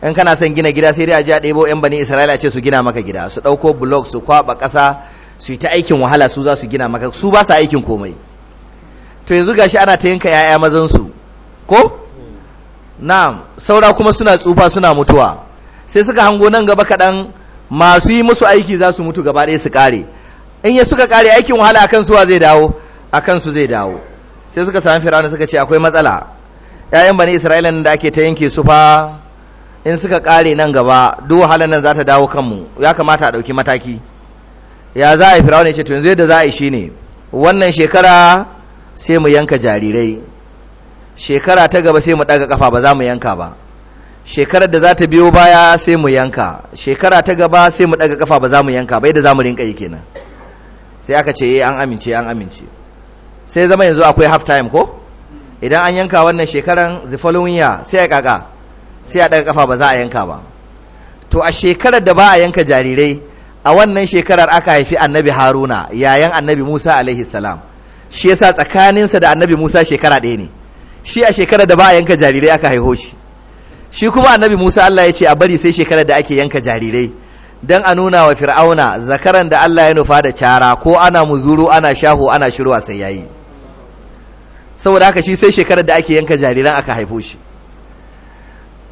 in kana son gina gida sai dai a ji a ɗebo 'yan bane isra'ila ce su gina maka gida su ɗauko blog su kwaɓa ƙasa su yi ta aikin wahala su za su gina maka su ba sa aikin komai to yanzu gashi ana ta yanka yaya mazan su ko na'am saura kuma suna tsufa suna mutuwa sai suka hango nan gaba kaɗan masu yi musu aiki za su mutu gaba ɗaya su kare in ya suka kare aikin wahala akan suwa zai dawo akan su zai dawo sai suka sami firawuna suka ce akwai matsala ƴaƴan bani isra'ila da ake ta yanke su fa in suka kare nan gaba duk wahalar nan za ta dawo kanmu ya kamata a ɗauki mataki ya za a yi ya ce to yanzu yadda za a yi shine wannan shekara sai mu yanka jarirai shekara ta gaba sai mu daga kafa ba za mu yanka ba shekarar da za ta biyo baya sai mu yanka shekara ta gaba sai mu daga kafa ba za mu yanka bai da za mu rinka yi kenan sai aka ce eh, an amince an amince sai zama yanzu akwai half time ko idan an yanka wannan shekaran the following year sai a kaka sai a daga kafa ba za a yanka ba to a shekarar da ba a yanka jarirai a wannan shekarar aka haifi annabi haruna yayan annabi musa alaihi salam shi yasa tsakaninsa da annabi Musa shekara ɗaya ne shi a shekarar da ba a yanka jarirai aka haihu shi shi kuma annabi Musa Allah ya ce a bari sai shekarar da ake yanka jarirai dan a nuna wa fir'auna zakaran da Allah ya nufa da cara ko ana muzuru ana shahu ana shirwa sai yayi saboda haka shi sai shekarar da ake yanka jariran aka haifo shi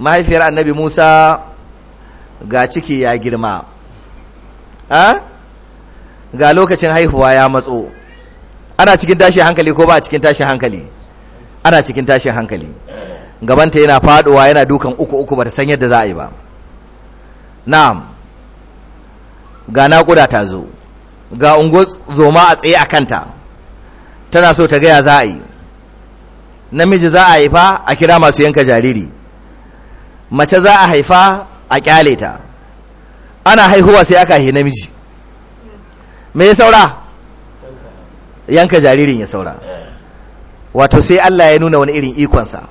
mahaifiyar annabi Musa ga ciki ya girma ah? ga lokacin haihuwa ya matso ana cikin tashin hankali ko ba a cikin tashin hankali ana cikin tashin hankali gabanta yana faduwa yana dukan uku uku ba ta san yadda za a yi ba na'am ga naƙuda ta zo ga zo ma a tsaye a kanta tana so ta gaya za a yi namiji za a haifa a kira masu yanka jariri mace za a haifa a kyale ta ana haihuwa sai aka haihi namiji me ya saura yanka jaririn ya saura wato sai Allah ya nuna wani irin ikonsa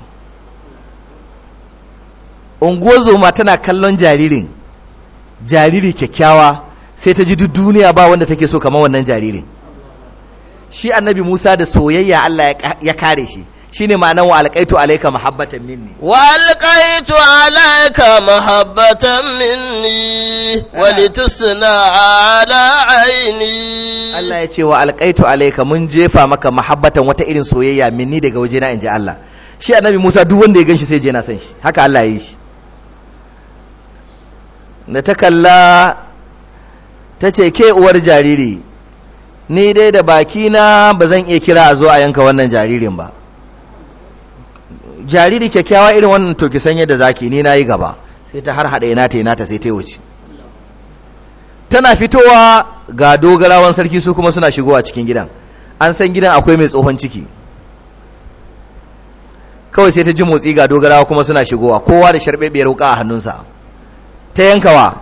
unguwar tana kallon jaririn jariri kyakkyawa sai ta ji duk duniya ba wanda take so kamar wannan jaririn shi annabi Musa da soyayya Allah ya kare shi shine ma'anar wa alƙaitu alaika mahabbatan minni wa alƙaitu alaika mahabbatan minni ah. wa litusna ala aini Allah ya ce wa alƙaitu alaika mun jefa maka mahabbatan wata irin soyayya minni daga waje na in inji Allah shi annabi Musa duk wanda ya ganshi sai je na san shi haka Allah ya yi shi da ta kalla ta ce ke uwar jariri ni dai da bakina ba zan iya kira a zo a yanka wannan jaririn ba jariri kyakkyawa irin wannan to san yadda zaki ni nayi gaba sai ta har hada ina ta ina ta sai ta wuce tana fitowa ga dogarawan sarki su kuma suna shigowa cikin gidan an san gidan akwai mai tsohon ciki kawai sai ta ji motsi ga dogarawa kuma suna shigowa kowa da sharbebiyar wuka a hannunsa ta yankawa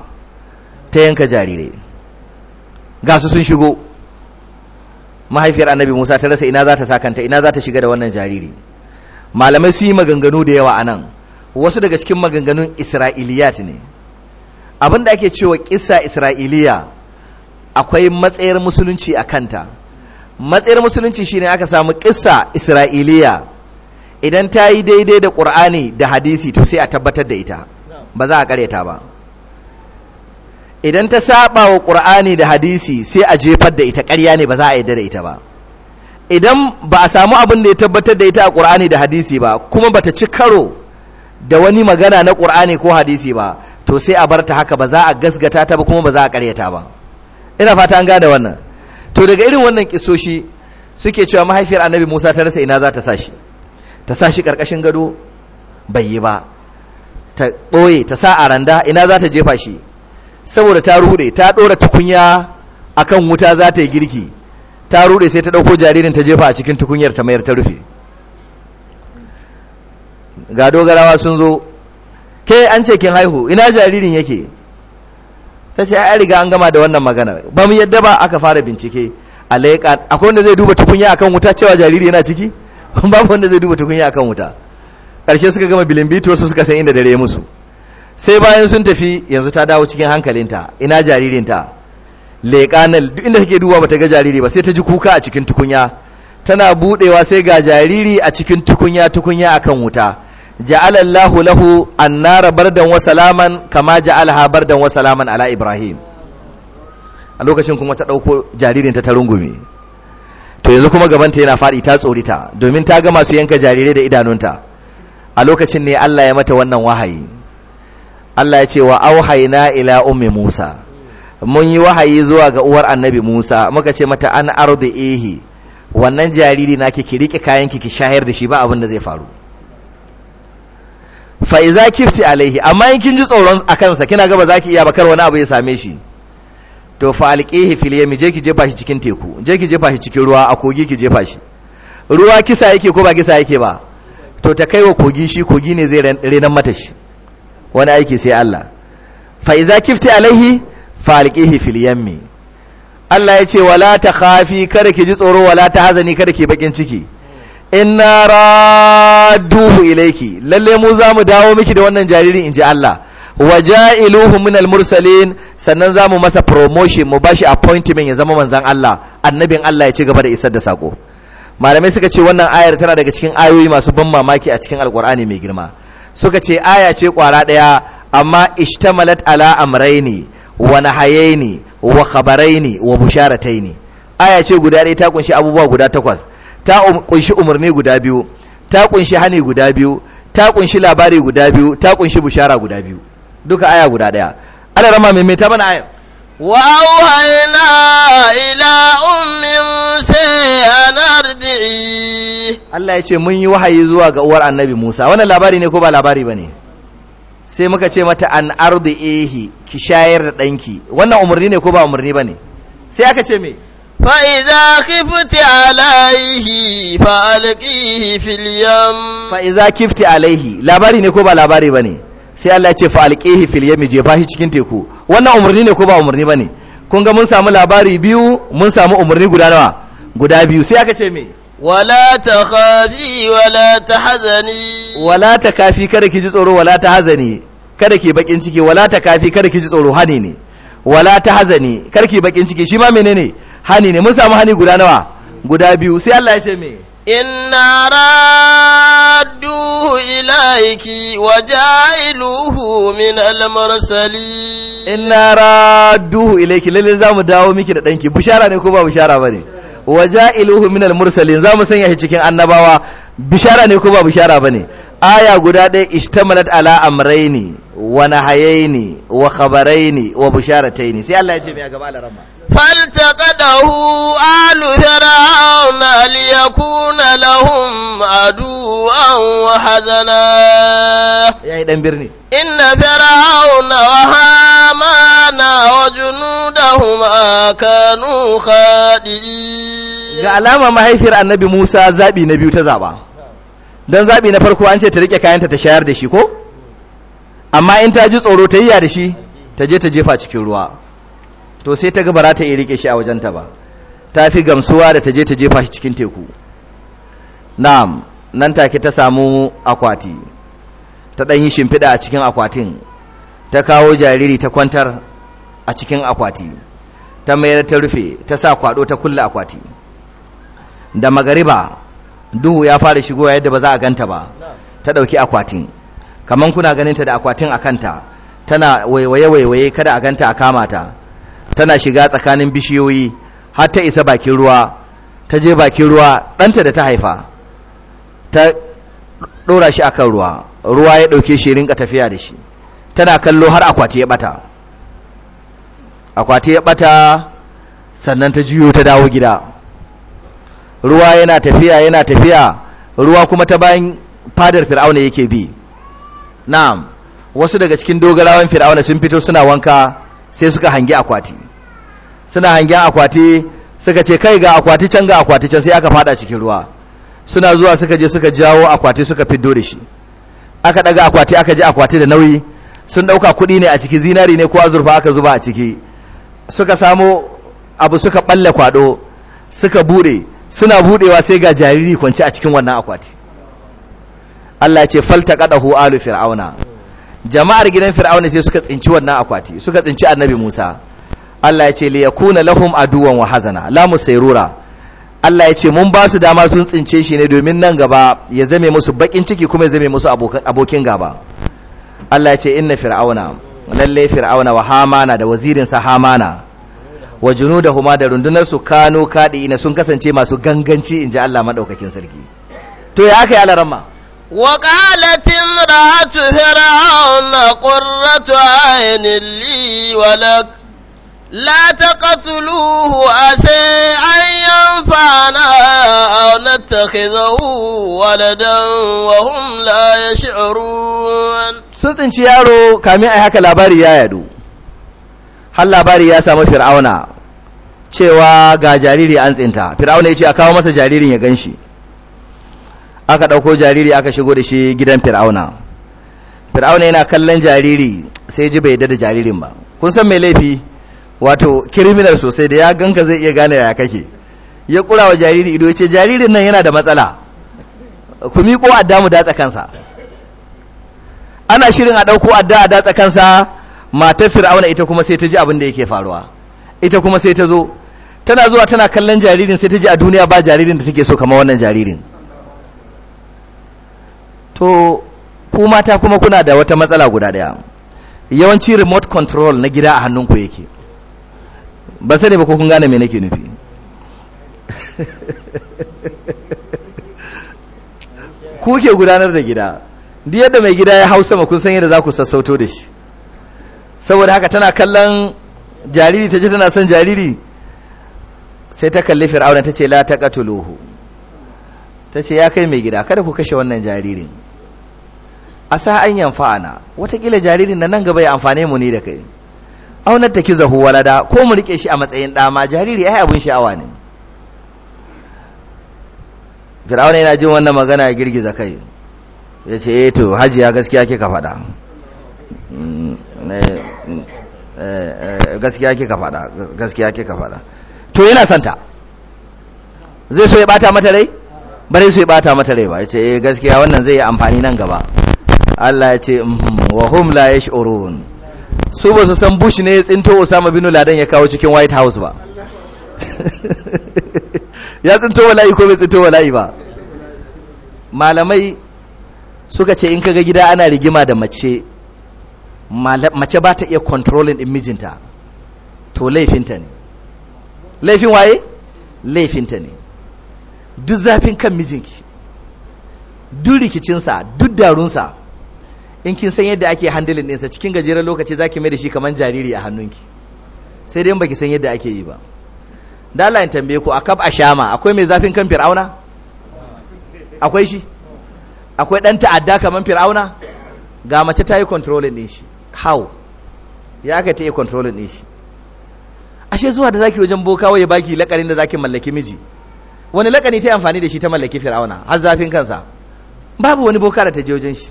ta yanka jarirai ga su sun shigo mahaifiyar annabi musa ta rasa ina za ta sakanta ina za ta shiga da wannan jariri malamai su yi maganganu da yawa a nan wasu daga cikin maganganun isra'iliyat ne abin da ake cewa kisa isra'iliya akwai matsayar musulunci a kanta matsayar musulunci shine aka samu kisa isra'iliya idan ta yi daidai da ƙur'ani da hadisi to sai a tabbatar da ita ba za a karyata ba idan ta saba wa ƙur'ani da hadisi sai a jefar da ita ƙarya ne ba za a yarda da ita ba idan ba a samu abin da ya tabbatar da ita a ƙur'ani da hadisi ba kuma ba ta ci karo da wani magana na ƙur'ani ko hadisi ba to sai a barta haka ba za a gasgata ta ba kuma ba za a ƙaryata ba ina fata an gane wannan to daga irin wannan kisoshi suke cewa mahaifiyar annabi musa ta rasa ina za ta sa shi ta sa shi ƙarƙashin gado bai yi ba ta ɓoye ta sa a randa ina za ta jefa shi saboda ta rude ta ɗora tukunya akan wuta za ta yi girki ta rude sai ta dauko jaririn ta jefa a cikin tukunyar ta mayar ta rufe ga dogarawa sun zo ke an ce kin haihu ina jaririn yake ta ce ai riga an gama da wannan magana ba mu yadda ba aka fara bincike a laika akwai wanda zai duba tukunya akan wuta cewa jariri yana ciki babu wanda zai duba tukunya akan wuta karshe suka gama bilimbito su suka san inda dare musu sai bayan sun tafi yanzu ta dawo cikin hankalinta ina jaririnta leƙanal duk inda take duba bata ga jariri ba sai ta ji kuka a cikin tukunya tana budewa sai ga jariri a cikin tukunya tukunya akan wuta ja'alallahu lahu annara bardan wa salaman kama ja'alha bardan wa salaman ala ibrahim a lokacin kuma ta dauko jaririn ta tarungume to yanzu kuma gabanta yana fadi ta tsorita domin ta ga masu yanka jarirai da idanunta a lokacin ne Allah ya mata wannan wahayi Allah ya ce wa auhayna ila ummi Musa mun yi wahayi zuwa ga uwar annabi Musa muka ce mata an arda ehi wannan jariri na ki riƙe kayan ki ki shayar da shi ba abin da zai faru fa iza kifti alaihi amma in kin ji tsoron a kansa kina ga ba za ki iya ba kar wani abu ya same shi to fa alqihi fil yami je ki jefa shi cikin teku je ki jefa shi cikin ruwa a kogi ki jefa shi ruwa kisa yake ko ba kisa yake ba to ta kaiwa kogi shi kogi ne zai renan mata shi wani aiki sai Allah fa iza kifti alaihi falqihi fil yammi Allah ya ce wala ta khafi kada ki ji tsoro wala ta hazani kada ki bakin ciki inna radduhu ilayki lalle mu za mu dawo miki da wannan jaririn inji Allah min al mursalin sannan za mu masa promotion mu bashi appointment ya zama manzon Allah annabin Allah ya ci gaba da isar da sako malamai suka ce wannan ayar tana daga cikin ayoyi masu ban mamaki a cikin alkur'ani mai girma suka ce aya ce kwara daya amma ishtamalat ala amrayni wa nahayaini wa khabaraini wa busharataini aya ce guda ɗaya ta kunshi abubuwa guda takwas ta kunshi um-, umarni guda biyu ta kunshi hani guda biyu ta kunshi labari guda biyu ta kunshi bushara guda biyu duka aya guda ɗaya Allah rama mai ta mana aya. وأوهينا إلى أم موسى أن أرضعيه الله يشي من يوحي زواج أور النبي موسى وانا لاباري ba لاباري بني sai muka ce mata an ardu ehi ki shayar da ɗanki wannan umarni ne ko ba umarni ba ne sai aka ce me fa'iza kifti alaihi fa'alƙihi filiyam fa'iza kifti alaihi labari ne ko ba labari ba ne sai Allah ya ce fa'alƙihi filiyam jefa shi cikin teku wannan umarni ne ko ba umarni ba ne kun ga mun samu labari biyu mun samu umarni guda nawa guda biyu sai aka ce me wala ta kafi, wala ta hazani wala ta kafi kada ki ji tsoro wala ta hazani kada ki bakin ciki wala ta kafi kada ki ji tsoro hani ne wala ta hazani kada ki bakin ciki shi ma menene hani ne mun samu hani guda nawa guda biyu sai Allah ya ce me inna raddu ilaiki wa ja'iluhu min al mursali inna raddu ilaiki lalle zamu dawo miki da danki bishara ne ko ba bishara bane Waja ja'iluhu min al-mursalin mu sanya shi cikin annabawa bishara ne ko ba bishara bane aya guda ɗaya ishtamalat ala amraini wa nahayaini wa khabaraini wa bisharataini sai Allah ya ce mai gaba alarama faltaqadahu alu fir'auna liyakuna lahum aduwan wa hazana yayi dan birni inna fir'auna wa ma kanu khadi ga alama mahaifiyar annabi Musa zabi na biyu ta zaba dan zabi na farko an ce ta rike kayanta ta shayar da shi ko amma in ta ji tsoro ta yiya da shi ta je ta jefa cikin ruwa to sai ta ga barata ta rike shi a wajenta ba ta fi gamsuwa da ta je ta jefa shi cikin teku na'am nan take ta samu akwati ta ɗan yi shimfiɗa a cikin akwatin ta kawo jariri ta kwantar a cikin akwati ta mayar ta rufe ta sa kwado ta kulle akwati da magariba duhu ya fara shigowa yadda ba za a ganta ba ta dauki akwatin kaman kuna ganin ta da akwatin a kanta tana waiwaye waiwaye kada a ganta a kamata tana shiga tsakanin bishiyoyi har ta isa bakin ruwa ta je bakin ruwa ɗanta da ta haifa ta ɗora shi akan ruwa ruwa ya ɗauke shi rinka tafiya da shi tana kallo har akwati ya bata akwati ya bata sannan ta juyo ta dawo gida ruwa yana tafiya yana tafiya ruwa kuma ta bayan fadar fir'auna yake bi na'am wasu daga cikin dogarawan fir'auna sun fito suna wanka sai suka hangi akwati suna hangen akwati suka ce kai ga akwati can ga akwati can sai aka fada cikin ruwa suna zuwa suka je suka jawo akwati suka fiddo da shi aka daga akwati aka ji akwati da nauyi sun dauka kuɗi ne a ciki zinari ne ko azurfa aka zuba a ciki suka samo abu suka balle kwado suka bude suna budewa sai ga jariri kwance a cikin wannan akwati Allah ya ce qadahu alu fir'auna jama'ar gidan fir'auna sai suka tsinci wannan akwati suka tsinci annabi Musa Allah ya ce li yakuna lahum aduwan wa hazana la musayrura Allah ya ce mun ba su dama sun tsince shi ne domin nan gaba ya zame musu bakin ciki kuma ya zame musu abokin gaba Allah ya ce inna fir'auna lallai fir'auna wa hamana da wazirinsa hamana wa da huma da su kano kaɗi ina sun kasance masu ganganci in ji Allah maɗaukakin sarki to ya aka yi alarama wa ƙalatin ra'atu fir'auna ƙurratu ainihin liwalak La ta katuluhu a sai an yan fana a waladan wa hun la sun tsinci yaro kamin a haka labari ya yadu har labari ya samu fir'auna cewa ga jariri an tsinta fir'auna ya ce a kawo masa jaririn ya gan shi aka ɗauko jariri aka shigo da shi gidan fir'auna fir'auna yana kallon jariri sai ji bai da jaririn ba kun san mai laifi wato kiriminal sosai da ya ganka zai iya gane ya kake ya kura wa jariri ido ya ce jaririn nan yana da matsala ku miƙo adda mu datsa kansa ana shirin a ɗauko adda a datsa kansa matar fir'auna ita kuma sai ta ji abin da yake faruwa ita kuma sai ta zo tana zuwa tana kallon jaririn sai ta ji a duniya ba jaririn da take so kamar wannan jaririn to ku mata kuma kuna da wata matsala guda daya yawanci remote control na gida a hannunku yake ba sai ba ko kun gane me nake nufi ku ke gudanar da gida duk yadda mai gida ya hau sama kun san yadda za ku sassauto da shi saboda haka tana kallon jariri ta ce tana son jariri sai ta kalli fir'auna ta ce la ta katuluhu ta ce ya kai mai gida kada ku kashe wannan jaririn a sa an amfana, watakila jaririn na nan gaba ya amfane mu ne da kai aunar ta kiza huwalada ko mu rike shi a matsayin dama jariri ai abun sha'awa ne fir'auna yana jin wannan magana ya girgiza kai ya ce eh to hajiya gaskiya kika faɗa mm, eh, eh, eh, gaskiya kika faɗa gaskiya kika faɗa to yana santa zai so ya bata mata rai bare so ya bata mata rai ba ya ce gaskiya wannan zai yi amfani nan gaba Allah ya ce mm-hmm, wa ya la yash'urun su ba su san Bush ne ya tsinto Osama bin Laden ya kawo cikin White House ba ya tsinto wala'i ko bai tsinto wala'i ba malamai suka ce in kaga gida ana rigima da mace mace ba ta iya controlling din mijinta to laifinta ne laifin waye laifinta ne duk zafin kan mijinki duk rikicinsa duk darunsa in kin san yadda ake handling ɗinsa cikin gajeren lokaci zaki mai da shi kamar jariri a hannunki sai dai baki san yadda ake yi ba da Allah in tambaye ku a shama akwai mai zafin kan fir'auna akwai shi akwai ɗan ta'adda kamar fir'auna ga mace ta yi controlling ɗin shi how ya aka ta yi controlling ɗin shi ashe zuwa da zaki wajen boka ya baki lakarin da zaki mallaki miji wani lakani ta amfani da shi ta mallaki fir'auna har zafin kansa babu wani boka da ta je wajen shi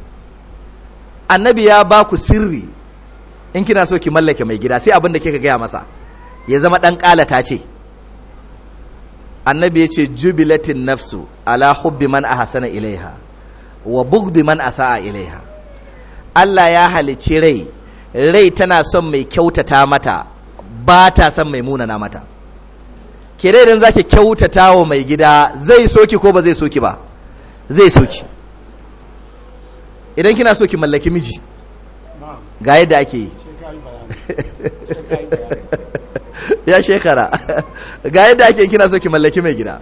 annabi ya ba ku sirri in kina so ki mallake mai gida sai abin da kika gaya masa ya zama ɗan ƙalata ce annabi ya ce jubilatin nafsu ala hubbi man ahsana ilaiha wa bugdi man asa'a ilaiha Allah ya halicci rai rai tana son mai kyautata mata ba ta son mai munana mata ke rai idan zaki kyautata wa mai gida zai soki ko ba zai soki ba zai soki idan kina so ki mallaki miji ga yadda ake yi ya shekara ga yadda ake kina so ki mallaki mai gida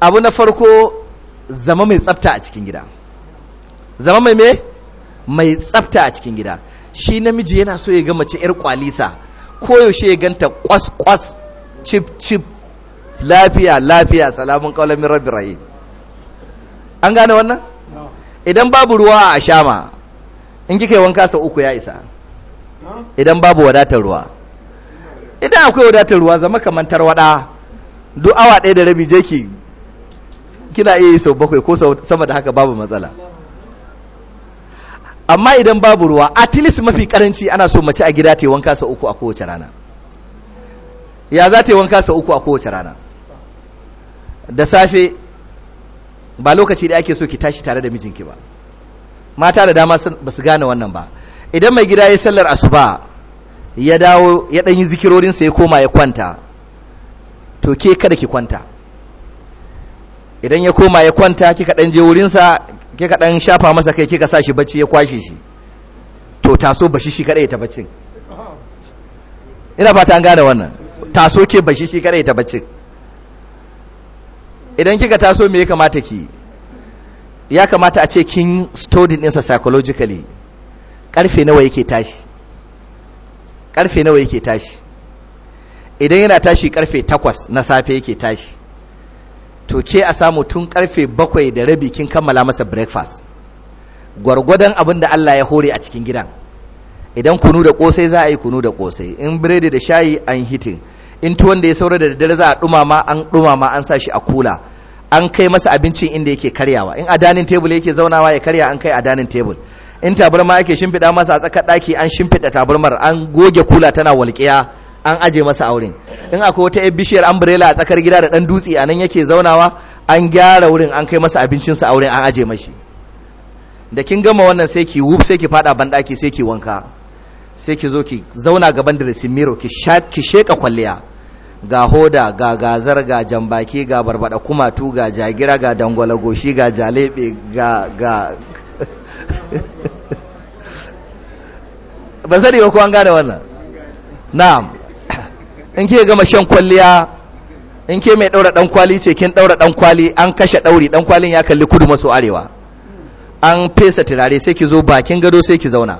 abu na farko zama mai tsafta a cikin gida zama mai me mai tsafta a cikin gida shi namiji yana so ya ga mace yar kwalisa koyaushe ya ganta kwas kwas cip cip lafiya lafiya salamun kaulan min rabbi rahim an gane wannan idan babu ruwa a shama in kika yi wanka sau uku ya isa idan babu wadatar ruwa idan akwai wadatar ruwa zama kamar tarwada duk awa ɗaya da rabi je ki kina iya yi sau bakwai ko sama da haka babu matsala amma idan babu ruwa at least mafi karanci ana so mace a gida ta yi wanka sau uku a kowace rana ya za ta yi wanka sau uku a kowace rana da safe ba lokaci da ake so ki tashi tare da mijinki ba mata da dama ba su gane wannan ba idan mai gida ya sallar asuba ya dawo ya ɗan yi zikirorinsa ya koma ya kwanta to ke kada ki kwanta idan ya koma ya kwanta kika dan je wurinsa kika dan shafa masa kai kika sa shi bacci ya kwashe shi to taso bashi shi kadai ta baccin ina fata an gane wannan taso ke bashi shi kadai ta baccin idan kika taso me ya kamata ki ya kamata a ce kin study ɗinsa psychologically karfe nawa yake tashi karfe nawa yake tashi idan yana tashi karfe takwas na safe yake tashi to ke a samu tun karfe bakwai da rabi kin kammala masa breakfast gwargwadon abin da Allah ya hore a cikin gidan idan kunu da kosai za a yi kunu da kosai in biredi da shayi an hitin in tuwon da ya saura da daddare za a dumama an dumama an sa a kula an kai masa abincin inda yake karyawa in a danin tebul yake zaunawa ya karya an kai a danin tebul in tabarma yake shimfiɗa masa a tsakar ɗaki an shimfiɗa tabarmar an goge kula tana walƙiya an aje masa auren in akwai wata yar bishiyar umbrella a tsakar gida da dan dutse a nan yake zaunawa an gyara wurin an kai masa abincinsa auren an aje mashi da kin gama wannan sai ki wuf sai ki fada banɗaki sai ki wanka sai ki zo ki zauna gaban dressing miro ki sha ki sheka kwalliya ga hoda ga gazar ga jambaki ga barbada kumatu ga jagira ga dangwala goshi ga jalebe ga ga ba sani ba ko an gane wannan na'am in ke gama shan kwalliya in ke mai ɗaura ɗan kwali ce kin ɗaura ɗan kwali an kashe ɗauri ɗan kwalin ya kalli kudu maso arewa an fesa turare sai ki zo bakin gado sai ki zauna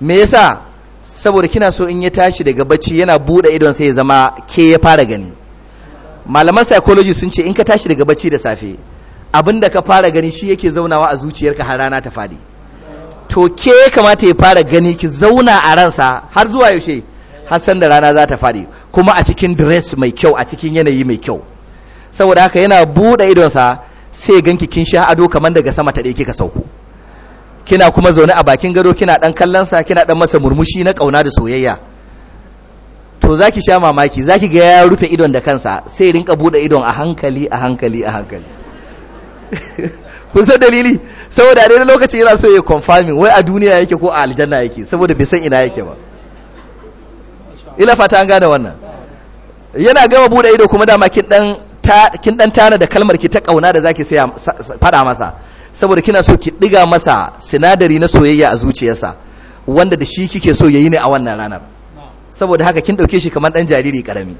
me yasa saboda kina so in ya tashi daga bacci yana buɗe idon sai ya zama ke ya fara gani malaman psychology sun ce in ka tashi daga bacci da safe abin da ka fara gani shi yake zaunawa a zuciyarka har rana ta fadi to ke kamata ya fara gani ki zauna a ransa har zuwa yaushe hassan da rana za ta faɗi kuma a cikin dress mai kyau a cikin yanayi mai kyau saboda haka yana buɗe idonsa sai ganki kin sha ado kamar daga sama ta ɗaya kika sauko kina kuma zaune a bakin gado kina dan kallon sa kina dan masa murmushi na kauna da soyayya to za ki sha mamaki za ga ya rufe idon da kansa sai rinka buɗe idon a hankali a hankali a hankali kusa dalili saboda a daidai lokaci yana so ya confirming wai a duniya yake ko a aljanna yake saboda bai san ina yake ba ila fata an gane wannan yana gama bude ido kuma dama kin dan kin tana da kalmar ki ta kauna da zaki sai fada masa saboda kina so ki diga masa sinadari na soyayya a zuciyarsa wanda da shi kike so yayi ne a wannan ranar saboda haka kin dauke shi kamar dan jariri karami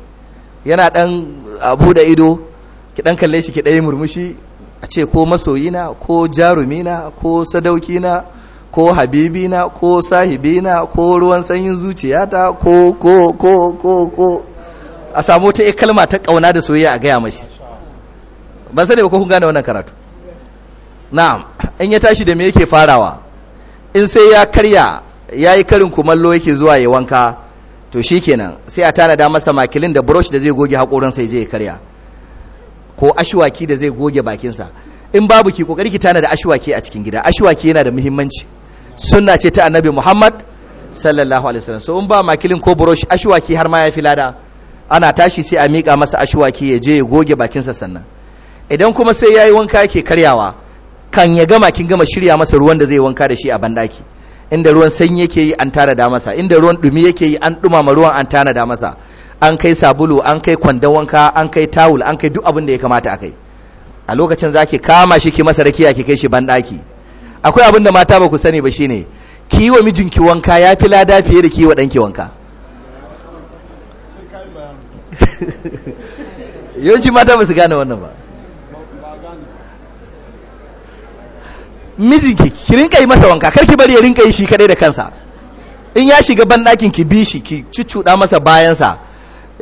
yana dan abu da ido ki dan kalle shi ki dai murmushi a ce ko masoyina ko jarumina ko sadaukina ko habibina ko sahibina ko ruwan sanyin zuciyata ko ko ko ko ko a samu ta kalma ta kauna da soyayya a gaya mashi ban ne ba ko kun gane wannan karatu na'am in ya tashi da me yake farawa in sai ya karya ya karin kumallo yake zuwa yayi wanka to shikenan sai a tanada masa makilin da brush da zai goge haƙorinsa sai zai karya ko ashwaki da zai goge bakinsa in babu ki kokari ki tana da ashwaki a cikin gida ashwaki yana da muhimmanci sunna ce ta annabi muhammad sallallahu alaihi wasallam so in ba makilin ko burosh ashwaki har ma ya fi lada ana tashi sai a miƙa masa ashwaki ya je ya goge bakinsa sannan idan kuma sai ya yi wanka yake karyawa kan ya gama kin gama shirya masa ruwan da zai wanka da shi a banɗaki inda ruwan sanyi yake yi an tara da masa inda ruwan ɗumi yake yi an ɗumama ruwan an tana da masa an kai sabulu an kai kwandon wanka an kai tawul an kai duk abin da ya kamata a kai a lokacin za ki kama shi ki masa rakiya ki kai shi banɗaki akwai abin da mata ba ku sani ba shine ki yi wa mijinki wanka ya fi lada fiye da ki yi wa ɗanki wanka yawanci mata ba su gane wannan ba mijinki ki rinka yi masa wanka kar ki bari ya rinka yi shi kadai da kansa in ya shiga banɗakin ki bi shi ki cuccuɗa masa bayansa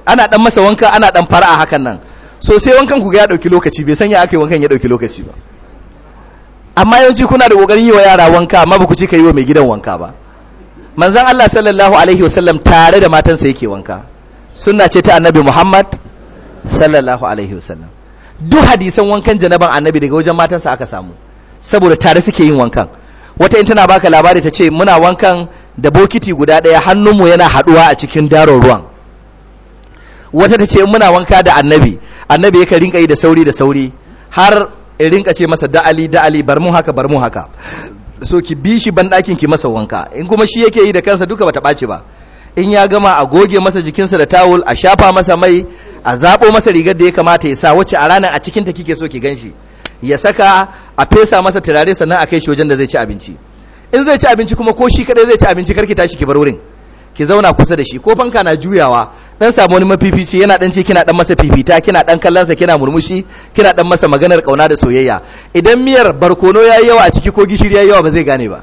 ana dan masa wanka ana dan fara hakan nan so sai wankan ku ga ya ɗauki lokaci bai sanya aka yi wankan ya ɗauki lokaci ba amma yawanci kuna da kokarin yi wa yara wanka amma ba ku ci ka yi wa mai gidan wanka ba manzan Allah sallallahu alaihi wasallam tare da matansa yake wanka suna ce ta annabi Muhammad sallallahu alaihi wasallam duk hadisan wankan janaban annabi daga wajen matansa aka samu saboda tare suke yin wankan wata in tana baka labari ta ce muna wankan da bokiti guda ɗaya hannunmu yana haduwa a cikin daro ruwan wata ta ce muna wanka da annabi annabi ya rinka yi da sauri da sauri har in rinka ce masa da'ali da'ali bar mu haka bar mu haka so ki bi shi banɗakin ki masa wanka in kuma shi yake yi da kansa duka bata ɓaci ba in ya gama a goge masa jikinsa da tawul a shafa masa mai a zaɓo masa rigar da ya kamata ya sa wacce a ranar a cikinta kike so ki ganshi ya saka a fesa masa turare sannan a kai shi wajen da zai ci abinci in zai ci abinci kuma ko shi kadai zai ci abinci karki tashi ki bar wurin ki zauna kusa da shi ko fanka na juyawa dan samu wani mafifici yana dan ce kina dan masa fifita kina dan kallon sa kina murmushi kina dan masa maganar kauna da soyayya idan miyar barkono yayi yawa a ciki ko gishiri yayi yawa ba zai gane ba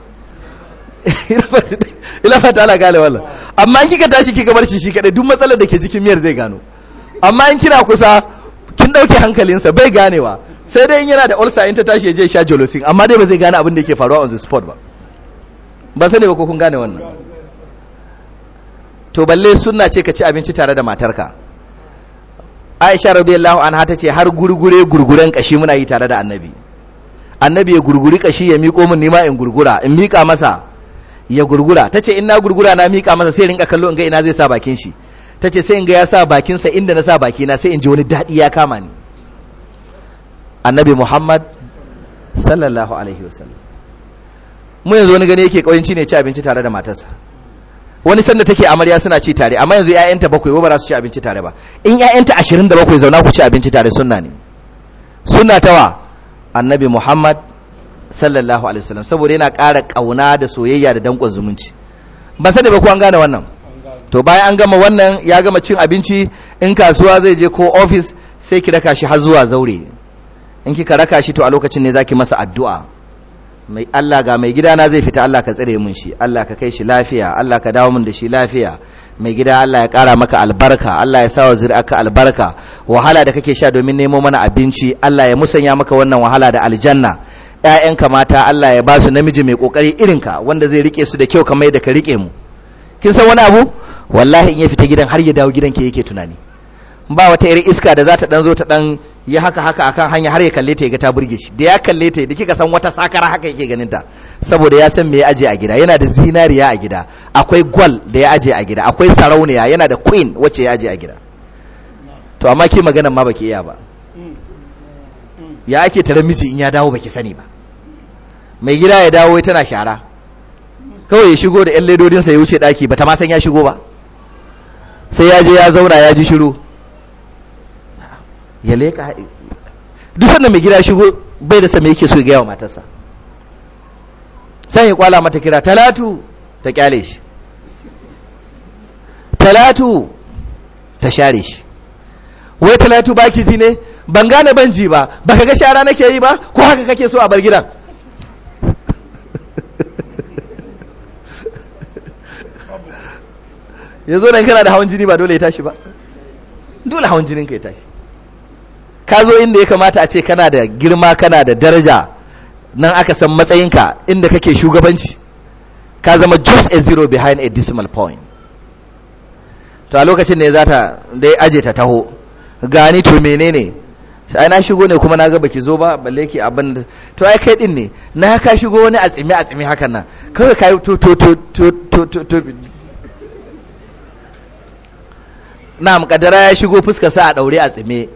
ila fata ala gale wallah amma in kika tashi kika bar shi shi kadai duk matsalar da ke jikin miyar zai gano amma in kina kusa kin dauke hankalinsa bai ganewa sai dai in yana da ulcer in ta tashi ya je sha jolosin amma dai ba zai gane abin da yake faruwa on the spot ba ba sai ne ba ko kun gane wannan to balle sunna ce ka ci abinci tare da matarka aisha radiyallahu anha ta ce har gurgure gurguren kashi muna yi tare da annabi annabi ya gurguri kashi ya miƙo min nima in gurgura in miƙa masa ya gurgura ta ce in na gurgura na miƙa masa sai rinka kallo in ga ina zai sa bakin shi ta ce sai in ga ya sa bakinsa inda na sa bakina sai in ji wani daɗi ya kama ni annabi muhammad sallallahu alaihi wasallam mu yanzu wani gani yake ƙauyenci ne ci abinci tare da matarsa wani sanda take amarya suna ci tare amma yanzu ƴaƴanta bakwai ba za su ci abinci tare ba in ƴaƴanta 27 zauna ku ci abinci tare sunna ne suna tawa annabi Muhammad sallallahu alaihi wasallam saboda yana ƙara kauna da soyayya da danƙon zumunci ban sani ba ko an gane wannan to bayan an gama wannan ya gama cin abinci in kasuwa zai je ko office sai ki raka shi har zuwa zaure in kika raka shi to a lokacin ne zaki masa addu'a mai Allah ga mai gidana zai fita Allah ka tsire mun shi Allah ka kai shi lafiya Allah ka dawo mun da shi lafiya mai gida Allah ya kara maka albarka Allah ya sa wa zuri'arka albarka wahala da kake sha domin nemo mana abinci Allah ya musanya maka wannan wahala da aljanna ƴaƴanka mata Allah ya ba su namiji mai kokari irin ka wanda zai rike su da kyau kamar yadda ka rike mu kin san wani abu wallahi in ya fita gidan har ya dawo gidan ke yake tunani ba wata irin iska da za ta dan zo ta dan yi haka haka akan hanya har ya kalle ta ya ga ta burge shi da ya kalle ta da kika san wata sakara haka yake ganin ta saboda ya san me ya aje a gida yana da zinariya a gida akwai gwal da ya aje a gida akwai sarauniya yana da queen wacce ya aje a gida to amma ke magana ma baki iya ba ya ake tare miji in ya dawo baki sani ba mai gida ya dawo tana shara kawai ya shigo da yan ledodinsa ya wuce daki ta ma san ya shigo ba sai ya je ya zauna ya ji shiru ya leka duk sanda mai gida shigo bai da same yake so ya gaya wa matarsa sai ya kwala mata kira talatu ta kyale shi talatu ta share shi wai talatu baki ji ne ban gane ban ji ba ba ka ga shara nake yi ba ko haka kake so a bar gidan yanzu nan kana da hawan jini ba dole ya tashi ba dole hawan jinin ka ya tashi ka zo inda ya kamata a ce kana da girma kana da daraja nan aka san matsayinka inda kake shugabanci ka zama just a zero behind a decimal point to a lokacin ne za ta dai aje ta taho gani to menene sai na shigo ne kuma na ga baki zo ba balle ki abin to ai kai din ne na ka shigo wani a tsimi a tsimi hakan nan kawai kai to to to to to to na mukaddara ya shigo fuska sa a daure a tsime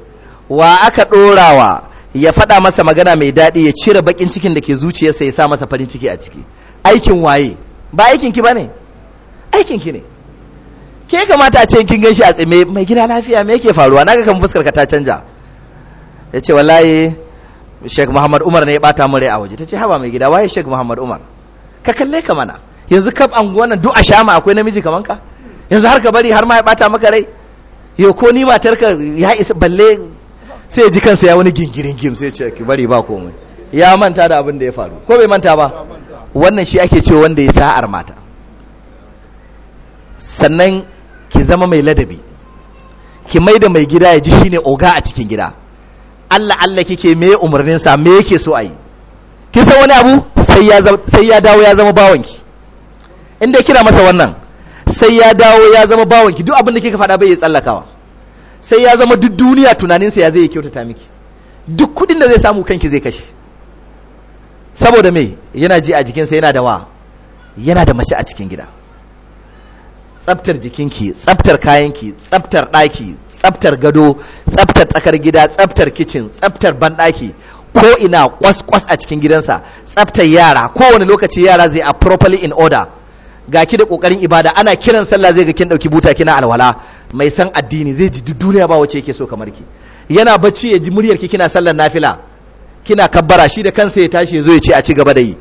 wa aka ɗorawa ya faɗa masa magana mai daɗi ya cire baƙin cikin da ke zuciyarsa ya sa masa farin ciki a ciki aikin waye ba aikin ki bane aikin ki ne ke kamata a ce kin ganshi a tsime mai gida lafiya me yake faruwa naga kan fuskar ka ta canja ya ce wallahi Sheikh Muhammad Umar ne ya bata mu rai a waje ta ce haba mai gida waye Sheikh Muhammad Umar ka kalle ka mana yanzu kaf anguwan nan duk a shama akwai namiji kaman ka yanzu har ka bari har ma ya bata maka rai yo ko ni matarka ya isa balle sai ji kansa ya wani gingirin gim sai ce ki bari ba komai ya manta da abin da ya faru ko bai manta ba wannan shi ake cewa wanda ya sa'ar mata sannan ki zama mai ladabi ki mai da mai gida ya ji shine oga a cikin gida Allah Allah kike me umarnin sa me yake so ayi kin san wani abu sai ya sai ya dawo ya zama ki inda kira masa wannan sai ya dawo ya zama ki duk abin da kika faɗa bai ya tsallakawa sai ya zama duk duniya tunaninsa ya zai kyautata miki duk kudin da zai samu kanki zai kashe saboda mai yana ji a jikinsa yana da wa yana da mace a cikin gida tsaftar jikinki tsaftar kayanki tsaftar ɗaki tsaftar gado tsaftar tsakar gida tsaftar kicin tsaftar banɗaki ko ina kwas-kwas a cikin gidansa tsaftar yara kowane lokaci yara zai a properly in order ga ki da kokarin ibada ana kiran sallah zai ga kin dauki buta kina alwala mai san addini zai ji duniya ba wace yake so kamar ki yana bacci ya ji muryar ki kina sallar nafila kina kabbara shi da kansa ya tashi ya zo ya ce a ci gaba da yi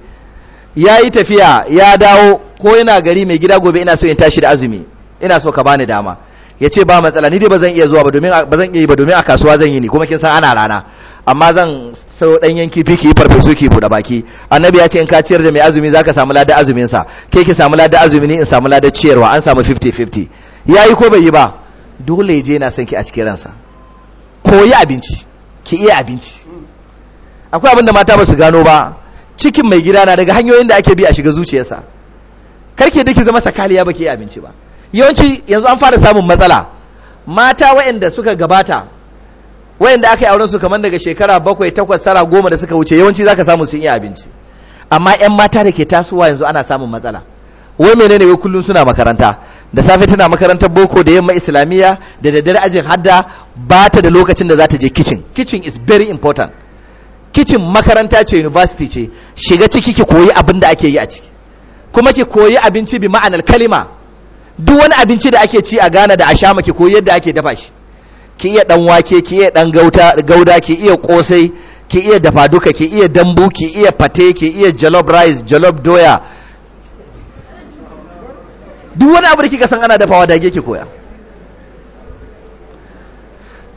ya yi tafiya ya dawo ko yana gari mai gida gobe ina so in tashi da azumi ina so ka bani dama ya ce ba matsala ni dai ba zan iya zuwa ba domin ba iya ba domin a kasuwa zan yi ni kuma kin san ana rana amma zan sau dan yanki fi ki farfesu ki buɗe baki annabi ya ce in ka ciyar da mai azumi zaka samu ladan azumin sa ke ki samu ladan azumi ni in samu ladan ciyarwa an samu 50 50 yayi ko bai yi ba dole je na san ki a cikin ransa koyi abinci ki iya abinci akwai abin da mata ba su gano ba cikin mai gida na daga hanyoyin da ake bi a shiga zuciyarsa karke da ki zama sakaliya ba ki iya abinci ba yawanci yanzu an fara samun matsala mata waɗanda suka gabata wayanda aka yi auren su kamar daga shekara bakwai takwas tara goma da suka wuce yawanci zaka samu sun iya abinci amma yan mata da ke tasowa yanzu ana samun matsala wai menene wai kullum suna makaranta da safe tana makarantar boko da yamma islamiyya da daddare ajin hadda ba ta da lokacin da za ta je kitchen kitchen is very important kitchen makaranta ce university ce shiga ciki ki koyi abin da ake yi a ciki kuma ki koyi abinci bi ma'anar kalima duk wani abinci da ake ci a Ghana da a Shama ki koyi yadda ake dafa shi ki iya dan wake ki iya dan gauta gauda ki iya kosai ki iya dafa duka ki iya dambu ki iya fate ki iya jollof rice jollof doya duk wani abu da kika san ana dafawa dage ki koya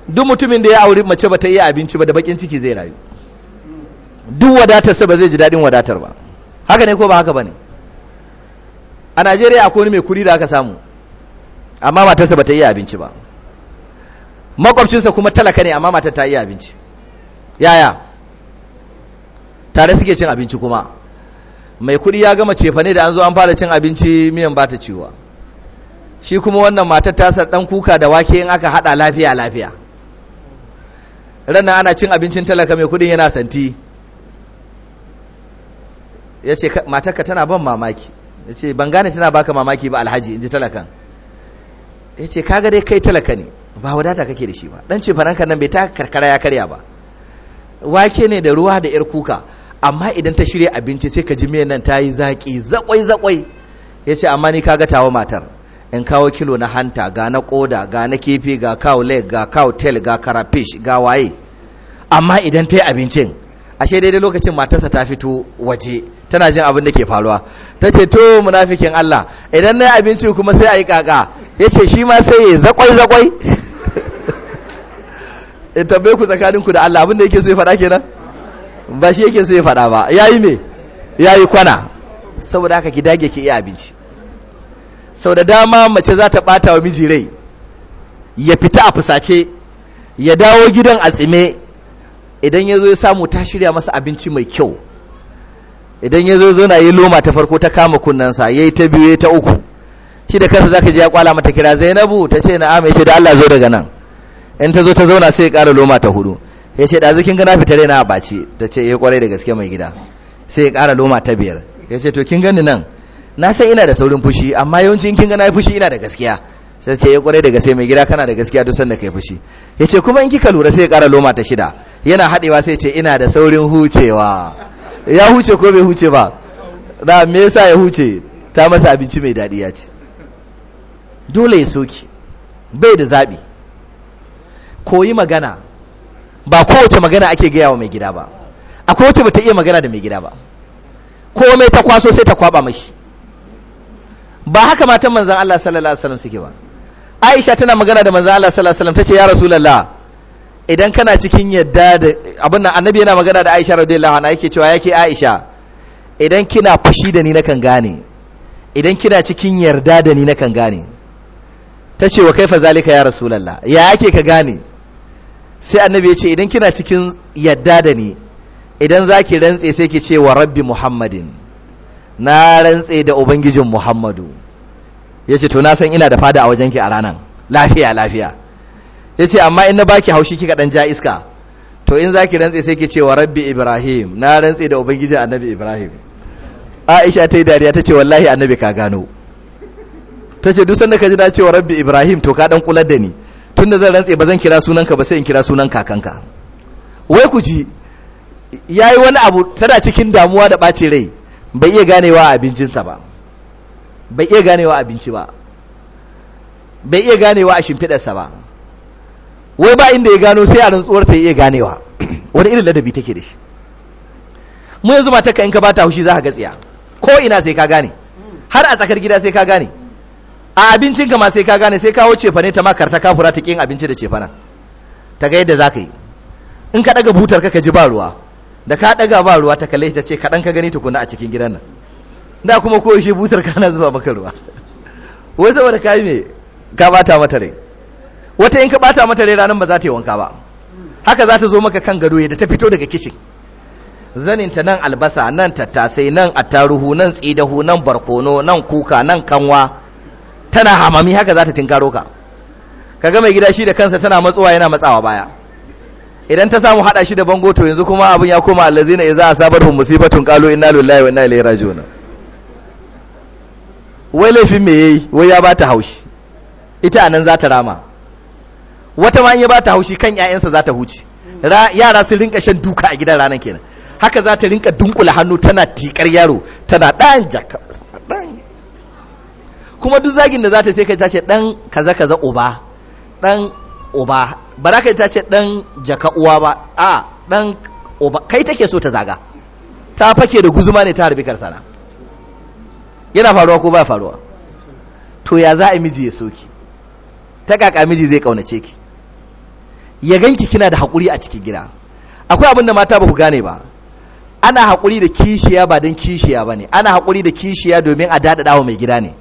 duk mutumin da ya auri mace ba ta iya abinci ba da bakin ciki zai rayu duk wadatarsa ba zai ji daɗin wadatar ba haka ne ko ba haka ba ne a najeriya akwai wani mai kuri da aka samu amma matarsa ba ta iya abinci ba makwabcinsa kuma talaka ne amma matar ta iya abinci yaya tare suke cin abinci kuma mai kudi ya gama cefane da an zo an fara cin abinci miyan ba ta ciwa shi kuma wannan matar sa dan kuka da wake in aka hada lafiya lafiya ranar ana cin abincin talaka mai kudin yana santi ya ce matarka tana ban mamaki ya ce ban gane tana baka mamaki ba alhaji in ji talakan ya ce kaga dai kai talaka ne ba wadata kake da shi ba dan ce faranka nan bai ta karkara ya karya ba wake ne da ruwa da yar kuka amma idan ta shirya abinci sai ka ji miyan nan ta yi zaƙi zakwai zakwai ya ce amma ni kaga tawo matar in kawo kilo na hanta ga na koda ga na kifi ga cow leg ga cow tail ga karafish ga waye amma idan ta yi abincin ashe daidai lokacin matarsa ta fito waje tana jin abin da ke faruwa ta ce to munafikin Allah idan na abinci kuma sai a yi kaka ya ce shi ma sai ya zakwai zakwai ya tabbai ku tsakaninku da Allah abin da yake so ya faɗa kenan ba shi yake so ya faɗa ba ya yi me ya yi kwana saboda haka ki dage ki iya abinci sau dama mace za ta ɓata wa miji rai ya fita a fusace ya dawo gidan a tsime idan ya zo ya samu ta shirya masa abinci mai kyau idan ya zo zona yi loma ta farko ta kama kunnensa ya yi ta biyu ya ta uku shi da kansa za ka ji ya kwala mata kira zainabu ta ce na'am ya ce da Allah zo daga nan in ta zo ta zauna sai ya kara loma ta hudu ya ce da zikin gana fitare na a baci ta ce ya eh, kwarai da gaske mai gida sai ya kara loma ta biyar ya ce to kin gani nan na san ina da saurin fushi amma yawanci kin gana fushi ina da gaskiya sai ce ya eh, kwarai da gaske mai gida kana da gaskiya duk sanda kai fushi ya ce kuma in kika lura sai ya kara loma ta shida yana haɗewa sai ce ina da saurin hucewa ya huce ko bai huce ba da me yasa ya huce ta masa abinci mai dadi ya ci dole ya soki bai da zaɓi koyi magana ba kowace magana ake gaya wa mai gida ba akwai wacce bata iya magana da mai gida ba komai ta kwaso sai ta kwaba mashi ba haka matan manzan Allah sallallahu alaihi wasallam suke ba Aisha tana magana da manzan Allah sallallahu alaihi wasallam tace ya Rasulullah idan kana cikin yadda da abin nan annabi yana magana da Aisha radiyallahu anha yake cewa yake Aisha idan kina fushi da ni nakan gane idan kina cikin yarda da ni nakan gane ta ce wa kaifa zalika ya rasulullah ya yake ka gane sai annabi ya ce idan kina cikin yarda da ni idan zaki rantse sai ki ce wa rabbi muhammadin na rantse da ubangijin muhammadu yace to na san ina da fada a wajenki a ranan lafiya lafiya yace amma in na baki haushi kika dan ja iska to in zaki rantse sai ki ce wa rabbi ibrahim na rantse da ubangiji annabi ibrahim aisha ta yi dariya ta ce wallahi annabi ka gano ta ce dusan da ka ji na cewa rabbi ibrahim to ka dan kular da ni tun da zan rantse ba zan kira sunanka ba sai in kira sunan kakanka wai ku ji ya yi wani abu tana cikin damuwa da ɓaci rai bai iya ganewa abincinsa ba bai iya ganewa abinci ba bai iya ganewa a shimfiɗarsa ba wai ba inda ya gano sai a rantsuwar ta iya ganewa wani irin ladabi take da shi mu yanzu ba ka in ka bata haushi za ka gatsiya ko ina sai ka gane har a tsakar gida sai ka gane a abincin ka ma sai ka gane sai kawo cefane ta makar ta kafura ta kin abinci da cefana ta ga yadda za ka yi in ka daga butar ka ji ba ruwa da ka daga ba ruwa ta kalle ta ce kaɗan ka gani tukunna a cikin gidan nan da kuma koyaushe butar ka na zuba maka ruwa wai saboda ka yi me ka bata mata rai wata in ka bata mata rai ranar ba za ta yi wanka ba haka za ta zo maka kan gado da ta fito daga kishin zaninta nan albasa nan tattasai nan attaruhu nan tsidahu nan barkono nan kuka nan kanwa tana hamami haka za ta tinkaro ka ga mai gida shi da kansa tana matsuwa yana matsawa baya idan ta samu hada shi da bango to yanzu kuma abin ya koma allazina idza asabatu musibatun qalu inna lillahi wa inna ilaihi raji'un wai laifin me yayi wai ya bata haushi ita anan za ta rama wata ma in ya ta haushi kan ƴaƴansa za ta huce yara sun rinka shan duka a gidan ranar kenan haka za ta rinka dunkula hannu tana tikar yaro tana ɗan jaka kuma duk zagin da za ta sai kai tace ɗan kaza kaza uba ɗan uba ba za ka ta ce ɗan jaka uwa ba a ɗan uba kai take so ta zaga ta fake da guzuma ne ta harbi karsana yana faruwa ko ba faruwa to ya za a miji ya soki ta kaka miji zai kaunace ki ya ganki kina da haƙuri a cikin gida akwai abin da mata ba ku gane ba ana haƙuri da kishiya ba don kishiya ba ne ana haƙuri da kishiya domin a daɗaɗa wa mai gida ne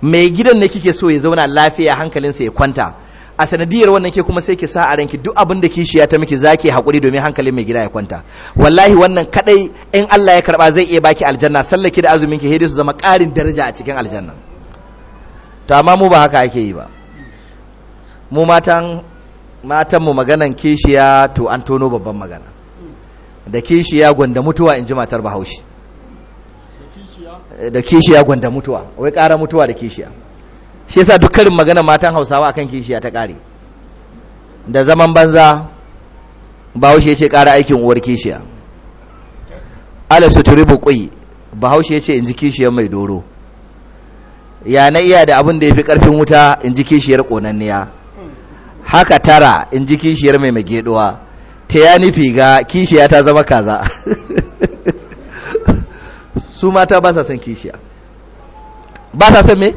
mai gidan ne kike so ya zauna lafiya hankalinsa ya kwanta a sanadiyar wannan ke kuma sai ki sa a ranki duk abin da kishiya ta miki zaki haƙuri domin hankalin mai gida ya kwanta wallahi wannan kadai in Allah ya karba zai iya baki aljanna sallaki da azumin ki hede su zama ƙarin daraja a cikin aljanna to amma mu ba haka ake yi ba mu matan matanmu maganan kishiya to an tono babban magana da kishiya gwanda mutuwa in ji matar bahaushe da kishiya gwanda mutuwa wai ƙara mutuwa da kishiya shi yasa duk karin magana matan hausawa akan kishiya ta ƙare da zaman banza bahaushe ya ce ƙara aikin uwar kishiya ala suturi buƙui bahaushe ya ce in ji kishiyar mai doro ya na iya da abin da ya fi ƙarfin wuta in ji kishiyar ƙonanniya haka tara in ji kishiyar mai magedowa ta ya nufi ga kishiya ta zama kaza su mata ba sa son kishiya ba sa son me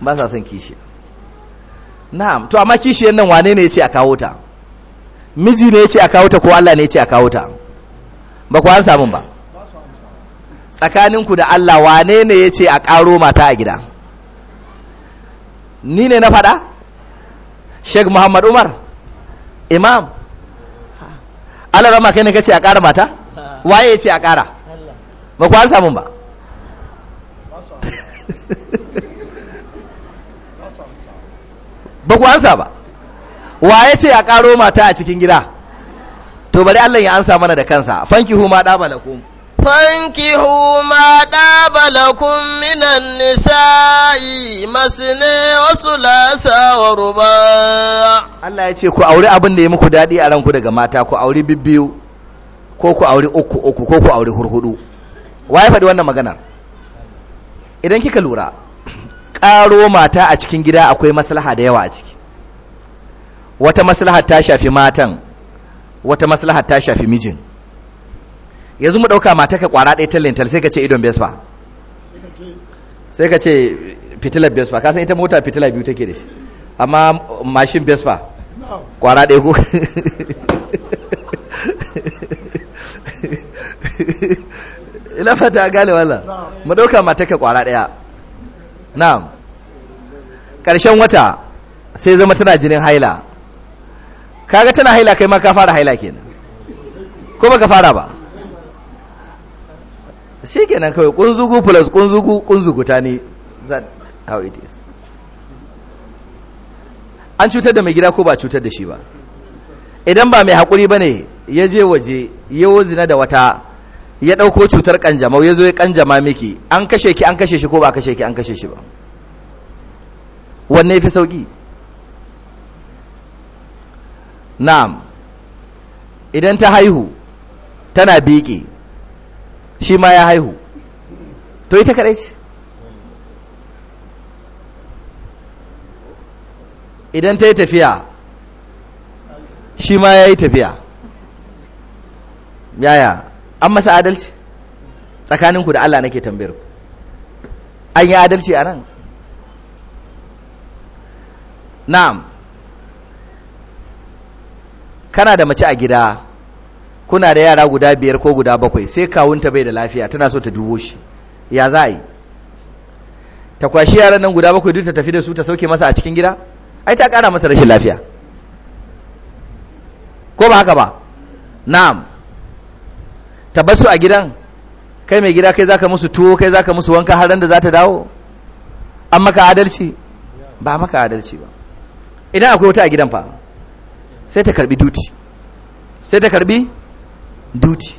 ba sa son kishiya na'am to amma kishiyar nan wane ne ya ce a kawo ta miji ne ya ce a kawo ta ko Allah ne ya ce a kawo ta ba ku an samu ba tsakaninku da Allah wane ne ya ce a karo mata a gida ni ne na faɗa sheikh muhammad umar imam Allah rama kai ne kace a ƙara mata waye ya ce a ƙara ba ku an samu ba ba ku ansa ba waye ce a ƙaro mata a cikin gida to bari Allah ya ansa mana da kansa fanki ma dabalakum فانكحوا ما داب لكم من النساء مسني lasawar ورباع Allah ya ce ku aure abin da ya muku daɗi a ranku daga mata ku aure bibbiyu ko ku aure uku uku ko ku aure hurhudu waye faɗi wannan maganar idan kika lura ƙaro mata a cikin gida akwai maslaha da yawa a ciki wata maslaha ta shafi matan wata maslaha ta shafi mijin yanzu mu ɗauka mata ka kwara ɗaya tal sai ka ce idon bespa sai ka ce fitilar ka kasan ita mota fitila biyu take da shi amma mashin bespa kwara ɗaya ko ila fata gane wala mu ɗauka mata ka kwara ɗaya na'am ƙarshen wata sai zama tana jinin haila kaga tana haila kai ma ka fara haila kenan ko baka fara ba shi kenan kawai kunzugu plus kunzugu kunzugu ta ne that how it is an cutar da mai gida ko ba cutar da shi ba idan ba mai haƙuri ba ne ya je waje ya zina da wata ya ɗauko cutar ƙanjamau ya zo ya ƙanjama miki an kashe ki an kashe shi ko ba kashe ki an kashe shi ba wanne fi sauƙi na'am idan ta haihu tana biƙi shi ma ya haihu to ita kaɗai ce idan ta yi tafiya shi ma ya yi tafiya yaya an masa adalci tsakaninku da Allah nake tambayar ku an yi adalci a nan na'am kana da mace a gida kuna da yara guda biyar ko guda bakwai sai kawunta bai da lafiya tana so ta dubo shi ya za a yi ta kwashi yaran nan guda bakwai duk ta tafi da su ta sauke masa a cikin gida ai ta kara masa rashin lafiya ko ba haka ba na'am ta su a gidan kai mai gida kai zaka musu tuwo kai zaka musu wanka har da za ta dawo an maka adalci ba maka adalci ba idan akwai wata a gidan fa sai ta karbi duti sai ta karbi duty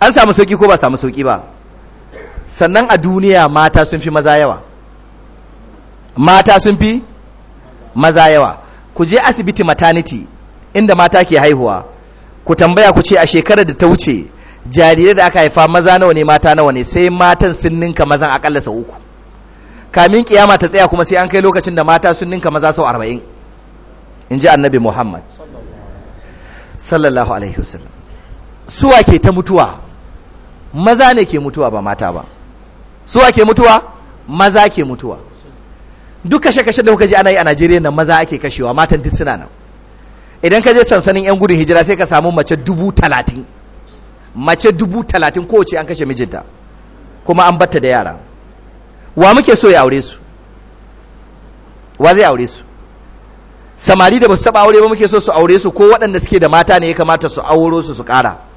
an samu sauki ko ba samu sauki ba sannan a duniya mata sun fi maza yawa mata sun fi maza yawa ku je asibiti maternity inda mata ke haihuwa ku tambaya ku ce a shekarar da ta wuce jarirai da aka haifa maza nawa ne mata nawa ne sai matan sun ninka mazan akalla sau uku kamin kiyama ta tsaya kuma sai an kai lokacin da mata sun ninka maza sau arba'in in ji annabi muhammad sallallahu alaihi wasallam suwa ke ta mutuwa maza ne ke mutuwa ba mata ba suwa ke mutuwa maza ke mutuwa duk kashe-kashe da kuka ji ana yi a Najeriya nan maza ake kashewa matan duk suna nan idan ka je sansanin 'yan gudun hijira sai ka samu mace dubu talatin mace dubu talatin kowace an kashe mijinta kuma an batta da yara wa muke so ya aure su wa zai aure su samari da ba su taba aure ba muke so su aure su ko waɗanda suke da mata ne ya kamata su auro su su ƙara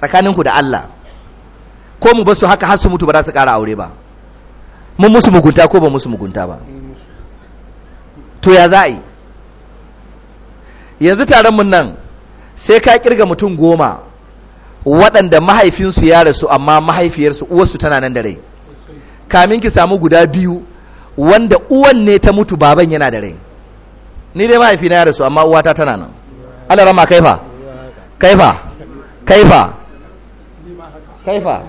tsakaninku da Allah ko mu basu haka har su mutu ba za su ƙara aure ba mun musu mugunta ko ba musu mugunta ba to ya za a yi yanzu taron mun nan sai ka kirga mutum goma waɗanda mahaifinsu ya rasu amma mahaifiyarsu uwarsu tana nan da rai kamin ki samu guda biyu wanda uwan ne ta mutu baban yana da rai ni dai mahaifina ya rasu amma uwata tana nan Allah rama kaifa kaifa kaifa kaifa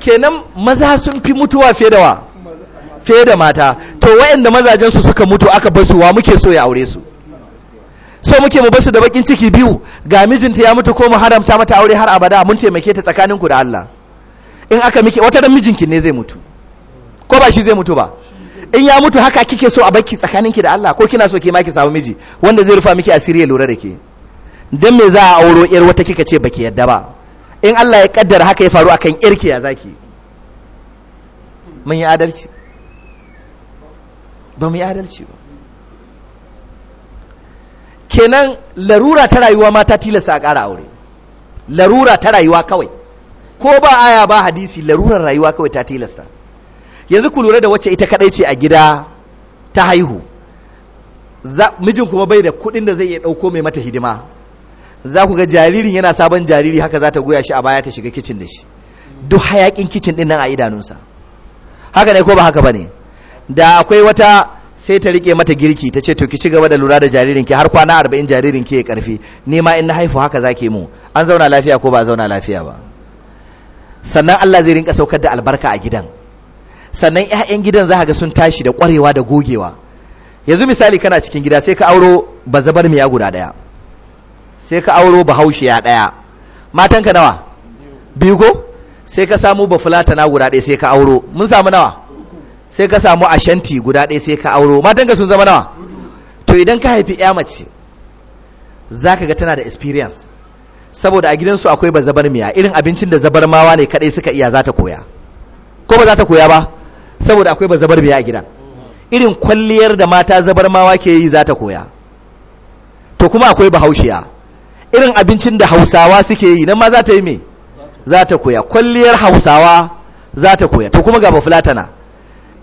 kenan maza sun fi mutuwa fiye da wa fiye da mata to wayanda mazajen su suka mutu aka basu wa muke so ya aure su so muke mu basu da bakin ciki biyu ga mijinta ya mutu ko mu haramta mata aure har abada mun taimake ta tsakanin ku da Allah in aka miki wata dan mijinki ne zai mutu ko ba shi zai mutu ba in ya mutu haka kike so a baki tsakaninki da Allah ko kina so ke ma ki samu miji wanda zai rufa miki asiri ya lura da ke don me za a auro yar wata kika ce baki yadda ba in Allah ya kaddara haka ya faru akan yarki ya zaki mun yi adalci ba mu yi adalci ba kenan larura ta rayuwa mata tilasta a ƙara aure larura ta rayuwa kawai ko ba aya ba hadisi larurar rayuwa kawai ta tilasta yanzu ku lura da wacce ita kadai ce a gida ta haihu mijin kuma bai da kuɗin da zai iya ɗauko mai mata hidima za ku ga jaririn yana sabon jariri haka za ta goya shi a baya ta shiga kicin da shi duk hayakin kicin din nan a idanunsa haka ne ko ba haka ba ne da akwai wata sai ta rike mata girki ta ce to ki ci gaba da lura da jaririn ki har kwana arba'in jaririn ki ya karfi ni ma in na haifu haka za ki mu an zauna lafiya ko ba zauna lafiya ba sannan Allah zai rinka saukar da albarka a gidan sannan 'ya'yan gidan za ga sun tashi da kwarewa da gogewa yanzu misali kana cikin gida sai ka auro bazabar miya guda daya sai ka auro ya ɗaya matanka nawa biyu ko sai ka samu bafulatana guda ɗaya sai ka auro mun samu nawa sai ka samu ashanti guda ɗaya sai ka auro matanka sun zama nawa to idan ka haifi ya mace za ka ga tana da experience saboda a gidansu akwai ba zabar miya irin abincin da zabar mawa ne kaɗai suka iya za ta koya ko ba za ta koya ba saboda akwai ba zabar miya a gidan irin kwalliyar da mata zabar mawa ke yi za ta koya to kuma akwai bahaushiya irin abincin da hausawa suke yi nan ma za ta yi me za ta koya kwalliyar hausawa za ta koya to kuma gaba fulatana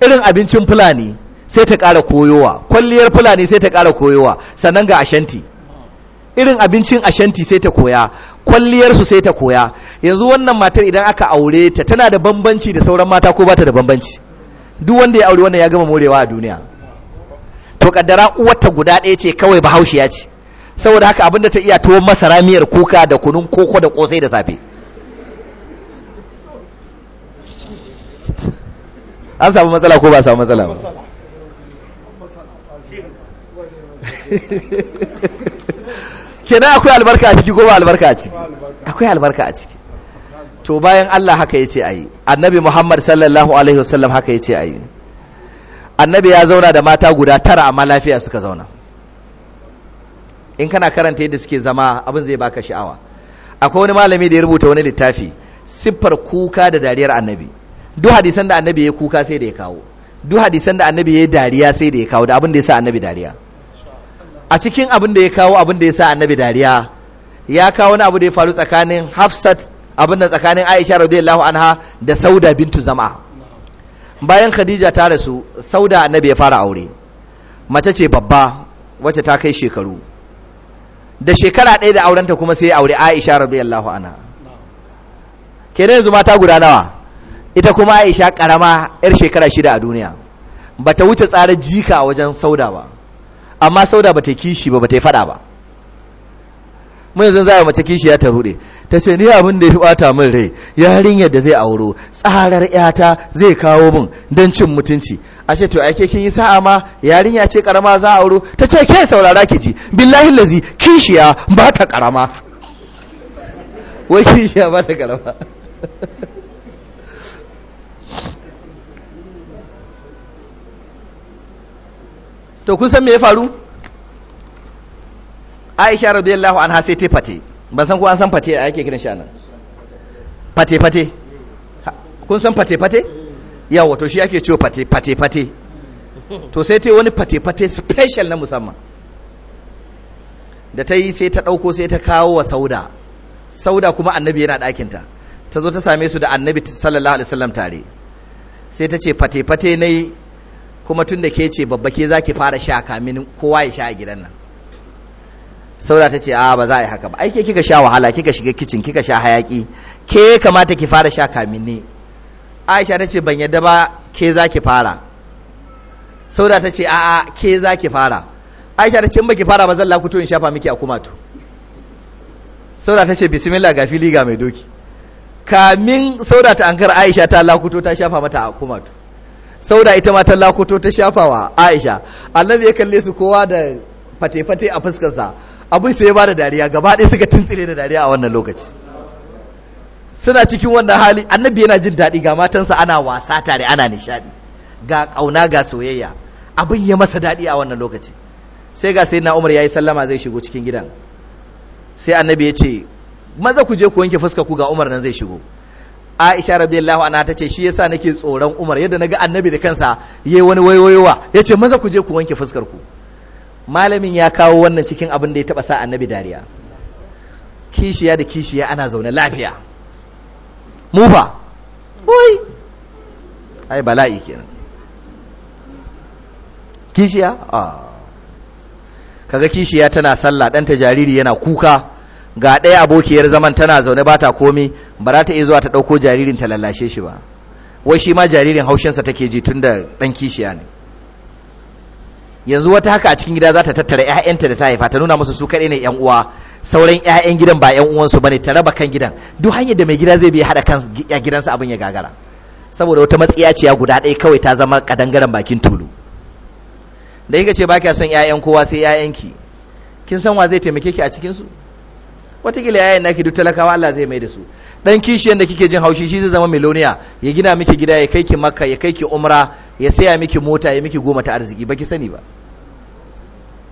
irin abincin fulani sai ta ƙara koyowa kwalliyar fulani sai ta ƙara koyowa sannan ga ashanti irin abincin ashanti sai ta koya kwalliyarsu sai ta koya yanzu wannan matar idan aka aure ta tana da bambanci da sauran mata ko bata da bambanci duk wanda ya aure wannan ya gama morewa a duniya to kaddara uwarta guda ɗaya ce kawai bahaushiya ce saboda haka abinda ta iya tuwon masara miyar kuka da kunun koko da kosai da safe an samu matsala ko ba samu matsala ba kenan akwai albarka a ciki ko ba albarka a ciki akwai albarka a ciki to bayan Allah haka ya ce ayi annabi Muhammad sallallahu alaihi wasallam haka ya ce ayi annabi ya zauna da mata guda tara amma lafiya suka zauna in kana karanta yadda suke zama abin zai baka sha'awa akwai wani malami da ya rubuta wani littafi siffar kuka da dariyar annabi duk hadisan da annabi ya kuka sai da ya kawo duk hadisan da annabi ya dariya sai da ya kawo da abin da ya sa annabi dariya a cikin abin da ya kawo abin da ya sa annabi dariya ya kawo wani abu da ya faru tsakanin hafsat abin da tsakanin aisha radiyallahu anha da sauda bintu zama bayan khadija ta rasu sauda annabi ya fara aure mace ce babba wacce ta kai shekaru da shekara ɗaya da aurenta kuma sai ya aure aisha radiyallahu anha kenan yanzu mata guda nawa ita kuma aisha karama yar shekara shida a duniya bata wuce tsara jika a wajen sauda ba amma sauda bata kishi ba bata yi fada ba mun yanzu za a mace kishiya ta rude ta ce ni abin da ya fi bata min rai yarinyar da zai auro tsarar yata zai kawo min don cin mutunci a ce to ake kin yi sa'a ma yarinya ce karama za a auro ta ce ke saurara ki ji billahi lazi kishiya ba ta karama wai kishiya ba ta karama to kun san me ya faru aisha radiyallahu anha sai ta fate ban san ko an san fate yake kiran shi anan fate fate kun san fate fate ya to shi ake ciwo fate fate fate to sai ta wani fate fate special na musamman da ta yi sai ta ɗauko sai ta kawo wa sauda sauda kuma annabi yana ɗakinta ta zo ta same su da annabi sallallahu alaihi wasallam tare sai ta ce fate fate na yi kuma tun da ke ce babba ke za ki fara sha kamin kowa ya sha a gidan nan saura ta ce a ba za a yi haka ba ai ke kika sha wahala kika shiga kicin kika sha hayaki ke kamata ki fara sha kamin ne aisha ta ce ban yadda ba ke za ki fara saura ta ce a'a ke za ki fara aisha ta ce in ba ki fara ba zan lakuto in shafa miki a kumatu saura ta ce bismillah ga fili ga mai doki kamin saura ta ankar aisha ta lakuto ta shafa mata a kumatu sauda ita ma ta lakuto ta shafa wa aisha annabi ya kalle su kowa da fate-fate a fuskarsa abin sai ya da dariya gaba ɗaya suka tuntsire da dariya a wannan lokaci suna cikin wannan hali annabi yana jin daɗi ga matansa ana wasa tare ana nishaɗi ga ƙauna ga soyayya abin ya masa daɗi a wannan lokaci sai ga sai na umar ya yi sallama zai shigo cikin gidan sai annabi ya ce maza ku je ku wanke fuska ku ga umar nan zai shigo Aisha radiyallahu anha ce shi yasa nake tsoron Umar yadda naga Annabi da kansa yayi wani wayoyowa yace maza ku je ku wanke fuskar ku malamin ya kawo wannan cikin abin da ya taba sa annabi dariya kishiya da kishiya ana zaune lafiya mu ba, oi ai bala'i kenan kishiya a ah. kaga kishiya tana sallah danta jariri yana kuka ga ɗaya abokiyar zaman tana zaune ba ta komi ba za ta iya zuwa ta ɗauko jaririn ta lallashe shi ba wai shi ma jaririn haushinsa take ji tun da ɗan kishiya ne yanzu wata haka a cikin gida za ta tattara 'ya'yanta da ta haifa ta nuna musu su kaɗai ne 'yan uwa sauran 'ya'yan gidan ba 'yan uwansu bane ta raba kan gidan duk hanyar da mai gida zai bi haɗa kan gidansa abin ya gagara saboda wata matsiyaciya guda ɗaya kawai ta zama kadangaren bakin tulu da kika ce ba kya son 'ya'yan kowa sai 'ya'yanki kin san wa zai taimake ki a cikin su kila 'ya'yan naki duk talakawa Allah zai mai da su dan kishiyan da kike jin haushi shi zai zama miloniya ya gina miki gida ya kai ki makka ya kai ki umra ya saya miki mota ya miki goma ta arziki baki sani ba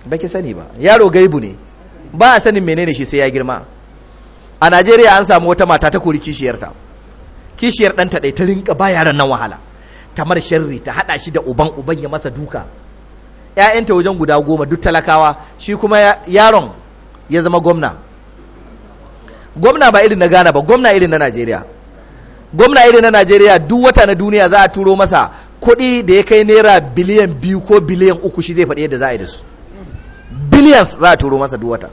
baki sani ba yaro gaibu ne ba a sanin menene shi sai ya girma a najeriya an samu wata mata ta kori kishiyarta kishiyar ɗanta ɗai ta rinka ba yaran nan wahala ta tamar sharri ta haɗa shi da uban uban ya masa duka ‘ya'yanta wajen guda goma duk talakawa shi kuma yaron ya zama gwamna gwamna ba irin na ghana ba gwamna irin na najeriya gwamna irin na najeriya duk wata na duniya za a turo masa kuɗi da ya kai naira biliyan biyu ko biliyan uku shi zai faɗi yadda za a yi da su billions za a turo masa duk wata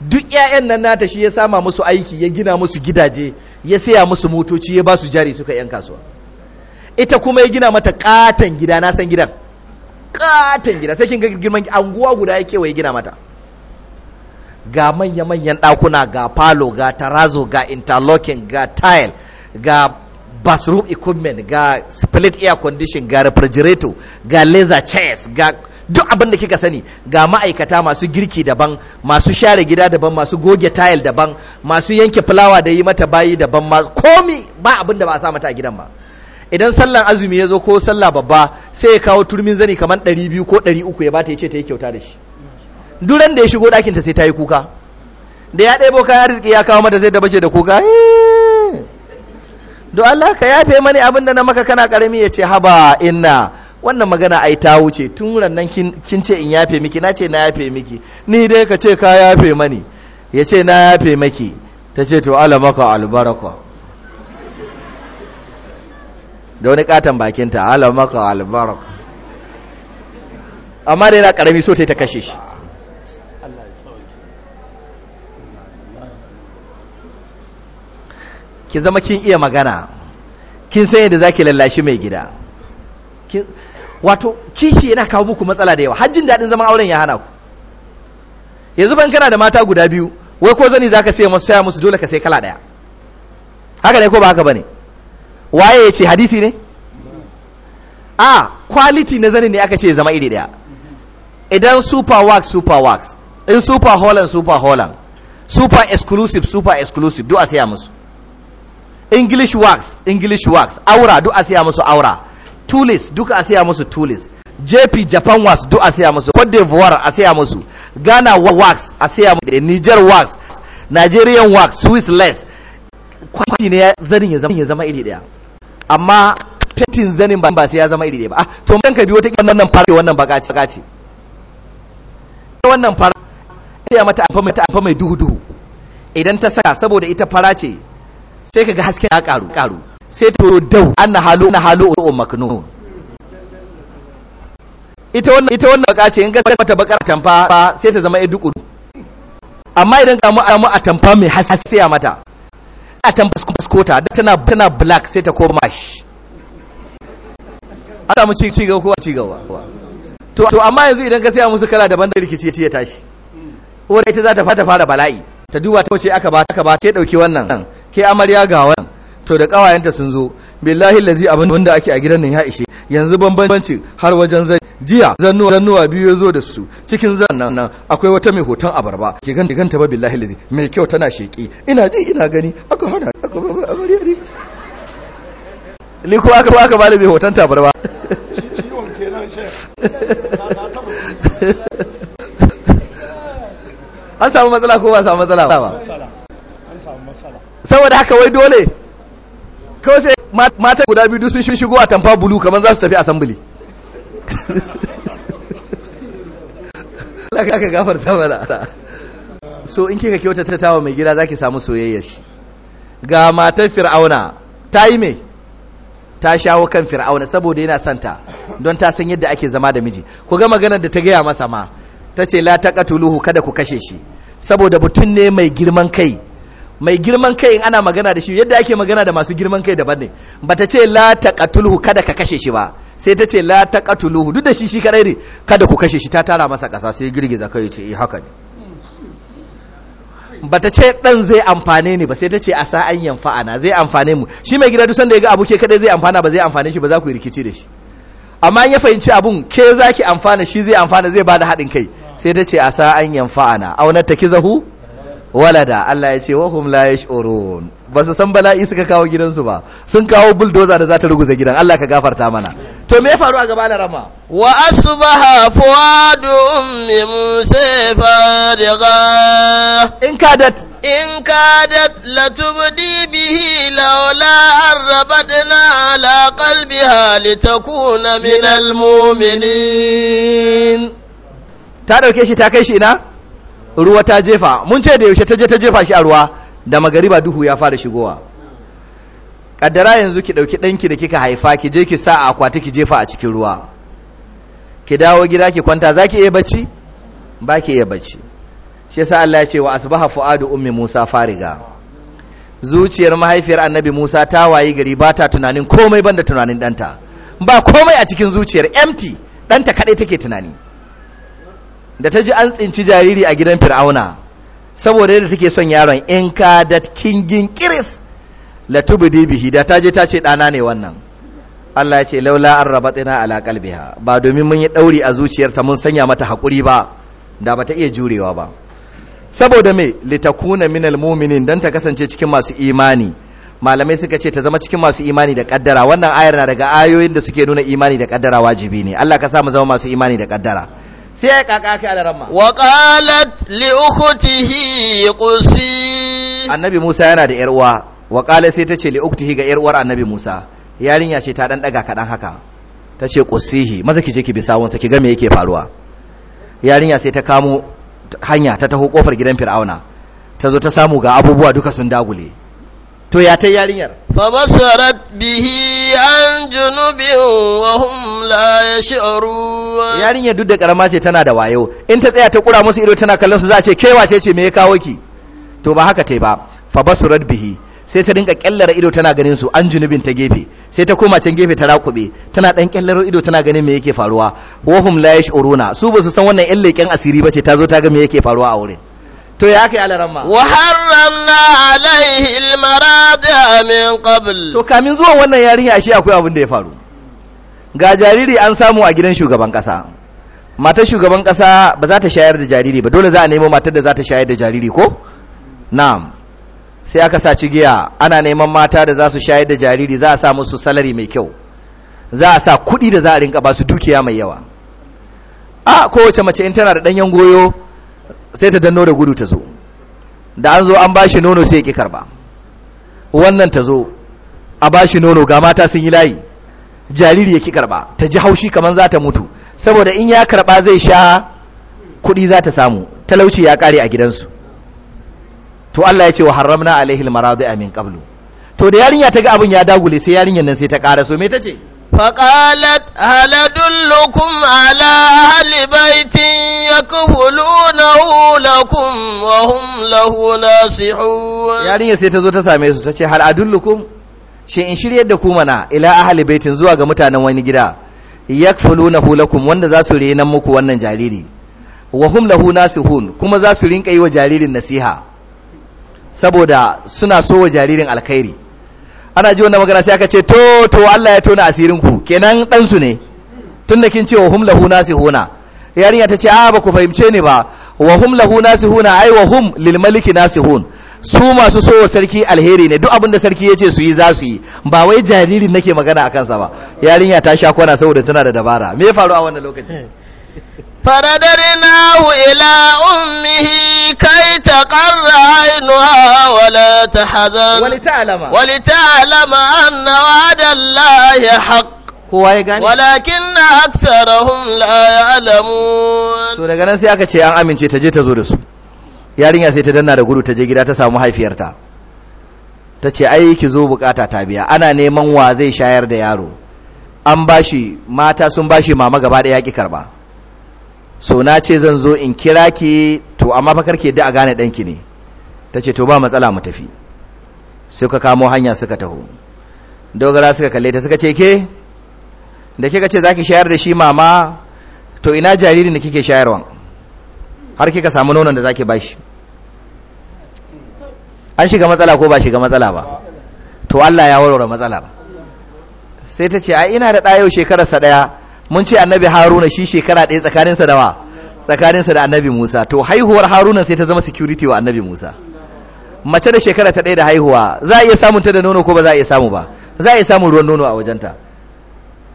duk 'ya'yan nan nata shi ya sama musu aiki ya gina musu gidaje ya saya musu motoci ya ba su jari suka 'yan kasuwa ita kuma ya gina mata katon gida na san gidan katon gida sai kin ga girman anguwa guda ya kewaye gina mata ga manya-manyan ɗakuna ga falo ga tarazo ga interlocking ga tile ga bathroom equipment ga split air condition ga refrigerator ga laser chairs ga duk abin da kika sani ga ma'aikata masu girki daban masu share gida daban masu goge tayil daban masu yanke fulawa da yi mata bayi daban masu komi ba abin da ba a sa mata a gidan ba idan sallar azumi ya zo ko sallah babba sai ya kawo turmin zani kamar ɗari biyu ko ɗari uku ya bata ya ce ta yi kyauta da shi duran da ya shigo ɗakin ta sai ta yi kuka da ya ɗebo kayan arziki ya kawo mata sai da bace da kuka eh! do Allah ka yafe mani abin da na maka kana ƙarami ya ce haba inna wannan magana ai ta wuce tun rannan kin ce in yafe miki na ce na yafe miki ni dai ka ce ka yafe mani ya ce na yafe maki ta ce to alamaka maka albaraka da wani katon bakinta alamaka maka albaraka amma dai na karami so ta ta kashe shi ki zama kin iya magana kin san yadda zaki lallashi mai gida wato kishi yana kawo muku matsala da yawa har jin daɗin zaman auren ya hana ku yanzu ban kana da mata guda biyu wai ko zani zaka sai musu saya musu dole ka sai kala daya haka ne ko ba haka bane waye ya ce hadisi ne a quality na zani ne aka ce zama iri daya idan super wax super wax in super holland super holland super exclusive super exclusive do a siya musu english wax english wax aura do a siya musu aura tulis duka a siya musu tulis jp japan wax duk a siya musu cote d'ivoire a siya musu ghana wax a siya musu eh, niger wax nigerian wax swiss less kwati ne zanin ya zama iri daya amma fentin zanin ba sai ya zama iri daya ba ah, to mun ka biyo ta wannan fara wannan bakaci bakaci wannan fara sai mata afa mai afa mai duhu duhu idan ta saka saboda ita fara ce sai kaga hasken ya karu karu sai ta yi dau an na halu na halu o maknun ita wannan ita wannan baka ce in ga mata bakar tamfa sai ta zama eduku amma idan ka mu a tamfa mai hassiya mata a tamfa skota tana tana black sai ta koma shi an samu ci gaba ko ci gaba to amma yanzu idan ka saya musu kala daban da rikici ya tashi uwar ita za ta fata fara bala'i ta duba ta wace aka ba ta ba ke dauki wannan ke amarya ga wannan to da kawayenta sun zo billahi lazi abin wanda ake a gidan nan ya ishe yanzu bambanci har wajen zai jiya zannuwa zannuwa biyu ya zo da su cikin zannan nan akwai wata mai hoton abarba ke ganta ganta ba billahi lazi mai kyau tana sheki ina ji ina gani aka hana aka ba amarya ne ni ko aka aka ba mai hoton tabarba an samu matsala ko ba samu matsala ba saboda haka wai dole kawai sai mata guda biyu sun shigo a tamfa bulu kamar za su tafi asambili laka ka ta mana so in kika kyautata tawa mai gida zaki samu soyayya shi ga mata fir'auna ta yi me ta shawo kan fir'auna saboda yana santa don ta san yadda ake zama da miji ku ga maganar da ta gaya masa ma ta ce la taqatuluhu kada ku kashe shi saboda mutum ne mai girman kai mai girman kai in ana magana da shi yadda ake magana da masu girman kai daban ne bata ce la taqatuluhu kada ka kashe shi ba sai ta ce la taqatuluhu duk da shi shi kadai ne kada ku kashe shi ta tara masa kasa sai girgiza kai ce eh haka ne bata ce dan zai amfane ni ba sai ta ce a sa an yanfa ana zai amfane mu shi mai gida duk sanda ya ga abuke kadai zai amfana ba zai amfane shi ba za ku yi rikici da shi amma ya fahimci abun ke zaki amfana shi zai amfana zai bada haɗin kai sai ta ce a sa an yanfa ana aunar ta kizahu walada Allah ya ce wahum la yash'urun ba su san bala'i suka kawo gidansu ba sun kawo buldoza da za ta ruguza gidan Allah ka gafarta mana to me ya faru a gaba rama wa asbaha fuadu min sifariga in kadat in kadat tubdi bihi laula arbadna ala qalbiha litakuna min almu'minin ta dauke shi ta kai shi ina ruwa ta jefa mun ce da yaushe ta je ta jefa shi a ruwa da magariba duhu ya fara shigowa kaddara yanzu ki dauki danki da kika haifa ki je ki sa a akwati ki jefa a cikin ruwa ki dawo gida ki kwanta zaki iya bacci ba ki iya bacci shi yasa Allah ya ce wa asbaha fuadu ummi Musa fariga zuciyar mahaifiyar annabi Musa ta wayi gari ba ta tunanin komai banda tunanin danta ba komai a cikin zuciyar empty danta kadai take tunani da ta ji an tsinci jariri a gidan fir'auna saboda yadda take son yaron in ka da kingin kiris la tubdi bihi da ta je ta ce dana ne wannan Allah ya ce laula an rabatina ala qalbiha ba domin mun yi dauri a zuciyarta mun sanya mata hakuri ba da bata iya jurewa ba saboda me litakuna minal mu'minin dan ta kasance cikin masu imani malamai suka ce ta zama cikin masu imani da kaddara wannan ayar na daga ayoyin da suke nuna imani da kaddara wajibi ne Allah ka sa mu zama masu imani da kaddara sai ya kaka kai alaramma wa qalat li ukhtihi qusi annabi Musa yana da yar uwa wa qala sai tace li ukhtihi ga yar uwar annabi Musa yarinya ce ta dan daga kadan haka tace qusihi maza ki je ki bi sawon sa ki ga me yake faruwa yarinya sai ta kamo hanya ta taho kofar gidan Fir'auna ta zo ta samu ga abubuwa duka sun dagule to ya ta yarinyar fa bihi an junubin wa hum la ruwa. yarinyar duk da karama ce tana da wayo in ta tsaya ta kura musu ido tana kallon su za ce kewa wace ce me ya kawo ki to ba haka tai ba fa bihi sai ta dinga kyallara ido tana ganin su an junubin ta gefe sai ta koma can gefe ta rakube tana dan kyallaro ido tana ganin me yake faruwa wa hum la su ba su san wannan yan leken asiri ba ce ta zo ta ga me yake faruwa a wurin to ya kai ma. wa haramna alaihi almarada min qabl to kamin zuwa wannan yarinya ashe akwai abin da ya faru ga jariri an samu a gidan shugaban kasa matar shugaban kasa ba za ta shayar da jariri ba dole za a nemo matar da za ta shayar da jariri ko na'am sai aka saci giya ana neman mata da za su shayar da jariri za a sa musu salari mai kyau za a sa kuɗi da za a rinka ba su dukiya mai yawa a kowace mace in tana da ɗanyen goyo sai ta danno da gudu ta zo da an zo an ba shi nono sai ya karba wannan ta zo a ba shi nono ga mata sun yi layi jariri ya ƙi karba ta ji haushi kamar za ta mutu saboda in ya karba zai sha kuɗi za ta samu talauci ya ƙare a gidansu to Allah ya ce wa haramna alaihi al-maradu min qablu to da yarinya ta ga abin ya dagule sai yarinyar nan sai ta ƙara so me ta ce فقالت هل أدلكم على أهل بيت يكفلونه لكم وهم له ناصحون يعني سيتزو تساميسو تشي هل أدلكم شيء ila شريت دكومنا إلى أهل بيت زوا غمتانا وين جدا yakfulunahu lakum wanda za su renan muku wannan jariri wa hum lahu nasihun kuma za su rinka yi wa jaririn nasiha saboda suna so wa jaririn alkhairi ana ji wannan magana sai aka ce to to Allah ya tona asirin ku kenan dan su ne tunda kin ce wa hum lahu nasihuna yarinya ta ce a ba ku fahimce ni ba wa hum lahu nasihuna ai wa hum lil maliki nasihun su masu so sarki alheri ne duk abin da sarki ya ce su yi za su yi ba wai jaririn nake magana a kansa ba yarinya ta sha kwana saboda tana da dabara me ya faru a wannan lokacin. Eh. فرددناه إلى أمه كي تقر عينها ولا تحزن ولتعلم ولتعلم أن وعد الله حق kowa ya gane walakin na aksarahum la ya'lamun to daga nan sai aka ce an amince ta je ta zo da su yarinya sai ta danna da gudu ta je gida ta samu haifiyarta ta ce ai ki zo bukata ta biya ana neman wa zai shayar da yaro an bashi mata sun bashi mama gaba da ki karba so na ce zan zo in kira ki to amma fa karke da a gane danki ne ta ce to ba matsala mu tafi suka kamo hanya suka taho dogara suka kalle ta suka ce ke da kika ce zaki shayar da shi mama to ina jaririn da kike shayarwa har kika samu nonon da zaki bashi an shiga matsala ko ba shiga matsala ba to Allah ya warware matsalar sai ta ce a ina da ɗayo shekararsa ɗaya mun ce annabi haruna shi shekara ɗaya tsakaninsa da wa tsakaninsa da annabi musa to haihuwar haruna sai ta zama security wa annabi musa mace da shekara ta ɗaya da haihuwa za a iya samun ta da nono ko ba za a iya samu ba za a iya samun ruwan nono a wajenta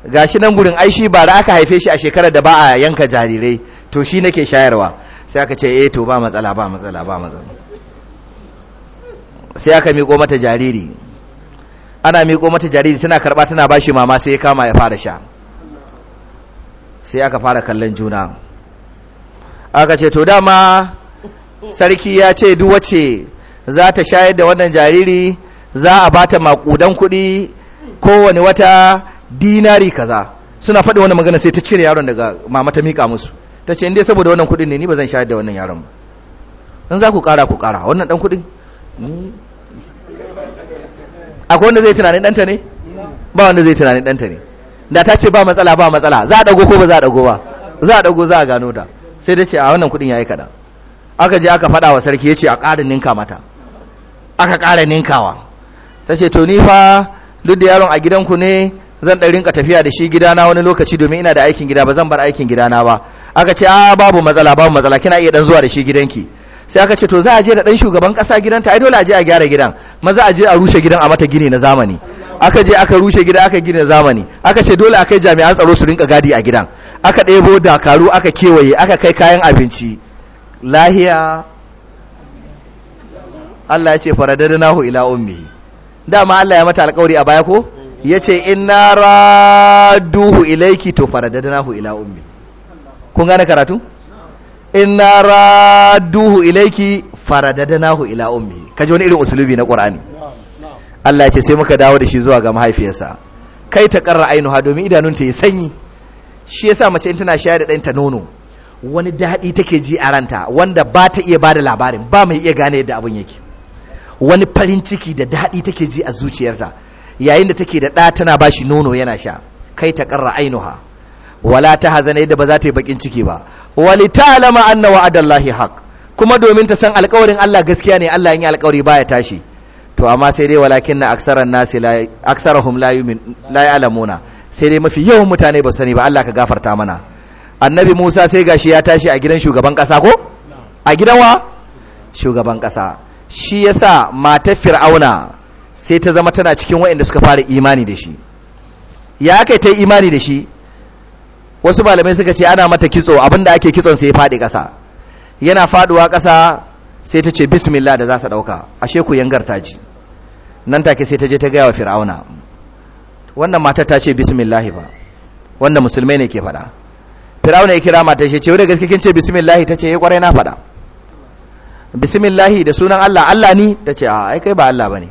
gashi nan gurin ai shi da aka haife shi a shekarar da ba a yanka jarirai to shi nake shayarwa sai aka ce eh to ba matsala ba matsala ba matsala sai aka miƙo mata jariri ana miƙo mata jariri tana karɓa tana bashi mama sai ya kama ya fara sha sai aka fara kallon juna aka ce to dama sarki ya ce duwace za ta shayar da wannan jariri za a ta makudan kuɗi kowane wata dinari kaza suna faɗi wani magana sai ta cire yaron daga mama ta miƙa musu ta ce in dai saboda wannan kuɗin ne ni ba zan shayar da wannan yaron ba in za ku ƙara ku ƙara wannan ɗan kuɗin hmm? akwai wanda zai tunanin ɗanta ne ba wanda zai tunanin ɗanta ne da ta ce ba matsala ba matsala za a dago ko ba za a dago ba za a dago za a gano ta sai da ce a wannan kudin yi kaɗan. aka je aka fada wa sarki ya ce a ƙara ninka mata aka ƙara ninkawa ta ce to ni fa duk da yaron a gidanku ne zan ɗan rinka tafiya da shi gidana wani lokaci domin ina da aikin gida ba zan bar aikin gidana ba aka ce a babu matsala babu matsala kina iya ɗan zuwa da shi gidanki sai aka ce to za a je da ɗan shugaban ƙasa gidanta ai dole a je a gyara gidan maza a je a rushe gidan a mata gini na zamani aka je aka rushe gida aka gina zamani aka ce dole yi jami'an tsaro su rinka gadi a gidan aka ɗebo dakaru aka kewaye aka kai kayan abinci lahiya Allah ya ce nahu ila ummihi dama Allah ya mata alƙawari a baya ko yace inna duhu ilaiki to nahu ila ummi kun gane karatu inna ilaiki ilayki nahu ila ummi kaje wani irin usulubi na Qur'ani Allah ya ce sai muka dawo da shi zuwa ga mahaifiyarsa kai ta karra ainuha domin ta yi sanyi shi yasa mace in tana shayar da ɗanta nono wani daɗi take ji a ranta wanda ba ta iya bada labarin ba mai iya gane yadda abin yake wani farin ciki da daɗi take ji a zuciyarta yayin da take da ɗa tana ba shi nono yana sha kai ta karra ainuha wala ta hazana yadda ba za ta yi bakin ciki ba wali ta alama anna wa'adallahi haq kuma domin ta san alƙawarin Allah gaskiya ne Allah ya yi alƙawari baya tashi to amma sai dai walakin na aksaran nasi aksarahum la yumin sai dai mafi yawan mutane ba sani ba Allah ka gafarta mana annabi Musa sai gashi ya tashi a gidan shugaban kasa ko a gidan wa shugaban kasa shi yasa matar fir'auna sai ta zama tana cikin waɗanda suka fara imani da shi ya aka ta imani da shi wasu malamai suka ce ana mata kitso abinda ake kitson sai ya faɗi kasa yana faɗuwa kasa sai ta ce bismillah da za ta ɗauka ashe ku yangar ta ji nan take sai ta je ta gaya wa fir'auna wannan matar ta ce bismillah ba wanda musulmai ne ke faɗa fir'auna ya kira matar shi ce da gaske kin ce bismillah ta ce ya eh, kwarai na faɗa bismillah da sunan Allah Allah ni ta ce ai kai ba Allah bane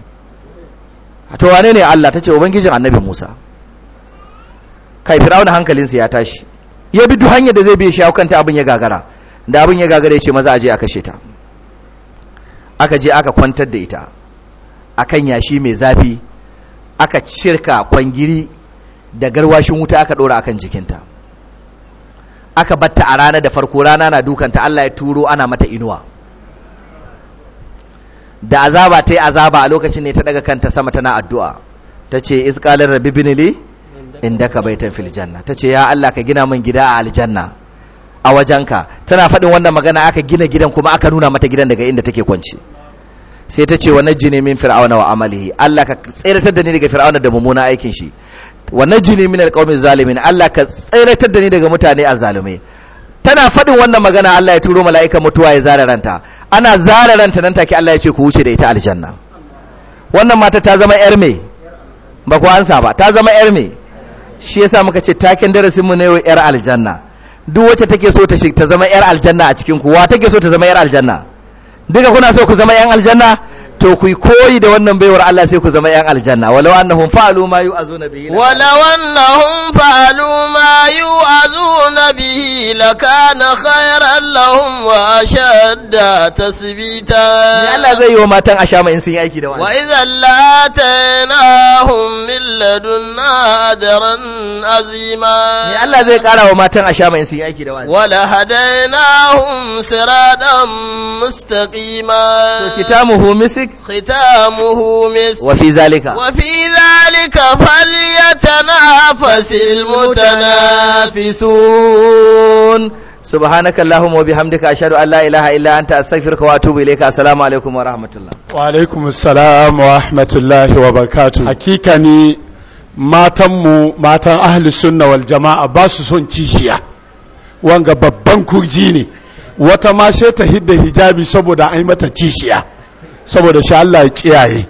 to wane ne Allah ta ce ubangijin annabi Musa kai fir'auna hankalinsa ya tashi ya bi duk hanyar da zai bi shi kanta abin ya gagara da abin ya gagara ya ce maza a je a kashe ta aka je aka kwantar da ita akan yashi mai zafi aka cirka kwangiri da garwashin wuta aka ɗora akan jikinta aka batta a rana da farko rana na dukanta Allah ya turo ana mata inuwa da azaba ta yi azaba a lokacin ne ta daga kanta sama tana addu'a ta ce isƙalar rabbi binili inda ka baitan fil ta ce ya Allah ka gina min gida a aljanna a wajenka tana faɗin wannan magana aka gina gidan kuma aka nuna mata gidan daga inda take kwance sai ta ce wa ne min fir'auna wa amalihi Allah ka tsiratar da ni daga fir'auna da mummunan aikin shi wa ne min alqaumi zalimin Allah ka tsiratar da ni daga mutane azzalumai tana faɗin wannan magana Allah ya turo mala'ika mutuwa ya zara ranta ana zara ranta nan take Allah ya ce ku wuce da ita aljanna wannan mata ta zama yar me ba ku ansa ba ta zama yar me shi yasa muka ce taken darasin mu ne yar aljanna duk wacce take so ta ta zama yar aljanna a cikin ku wa take so ta zama yar aljanna duka kuna so ku zama 'yan aljanna to ku koyi da wannan baiwar Allah sai ku zama yan aljanna walau annahum fa'alu ma yu'azuna bihi walau annahum fa'alu ma yu'azuna bihi lakana khayran lahum wa ashadda tasbita Allah zai yi wa matan ashama in sun yi aiki da wannan wa idhal latanahum min ladunna adran azima Allah zai kara wa matan ashama in sun yi aiki da wannan wala hadainahum siratan mustaqima kitamuhu misik ختامه مس وفي ذلك وفي ذلك فليتنافس المتنافسون سبحانك اللهم وبحمدك اشهد ان لا اله الا انت استغفرك واتوب اليك السلام عليكم ورحمه الله وعليكم السلام ورحمه الله وبركاته حقيقة matanmu matan ahli sunna wal jama'a ba su son kishiya wanga babban kurji ne wata ma sai ta hidda hijabi saboda an yi mata kishiya saboda shi Allah ya kiyaye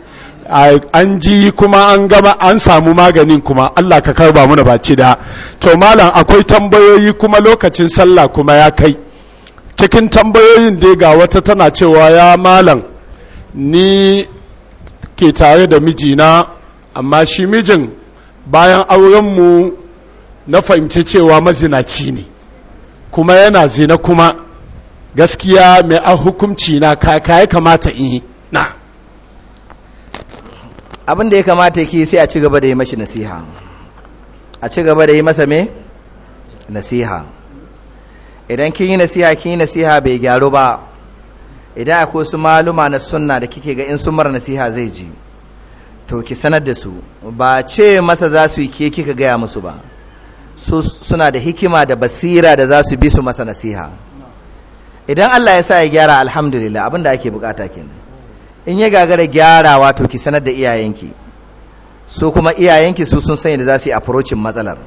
an ji kuma an gama an samu maganin kuma Allah ka karba ba baci da to malam akwai tambayoyi kuma lokacin sallah kuma ya kai cikin tambayoyin dai ga wata tana cewa ya malam ni ke tare da mijina amma shi mijin bayan aurenmu na fahimci cewa mazinaci ne kuma yana zina kuma gaskiya mai a hukunci na kaka ya kamata in yi na abin da ya kamata ke sai a ci gaba da yi mashi nasiha a ci gaba da yi masa me nasiha idan kin yi nasiha kin yi nasiha bai gyaru ba idan akwai su maluma na sunna da kike ga in sun mara nasiha zai ji to ki sanar da su ba ce masa za su yi ke kika gaya musu ba su suna da hikima da basira da za su bi su masa nasiha idan Allah ya sa ya gyara alhamdulillah abinda ake bukata kenan in ya gagara gyarawa to ki sanar da iyayenki su kuma iyayenki su sun sanya da za su yi approachin matsalar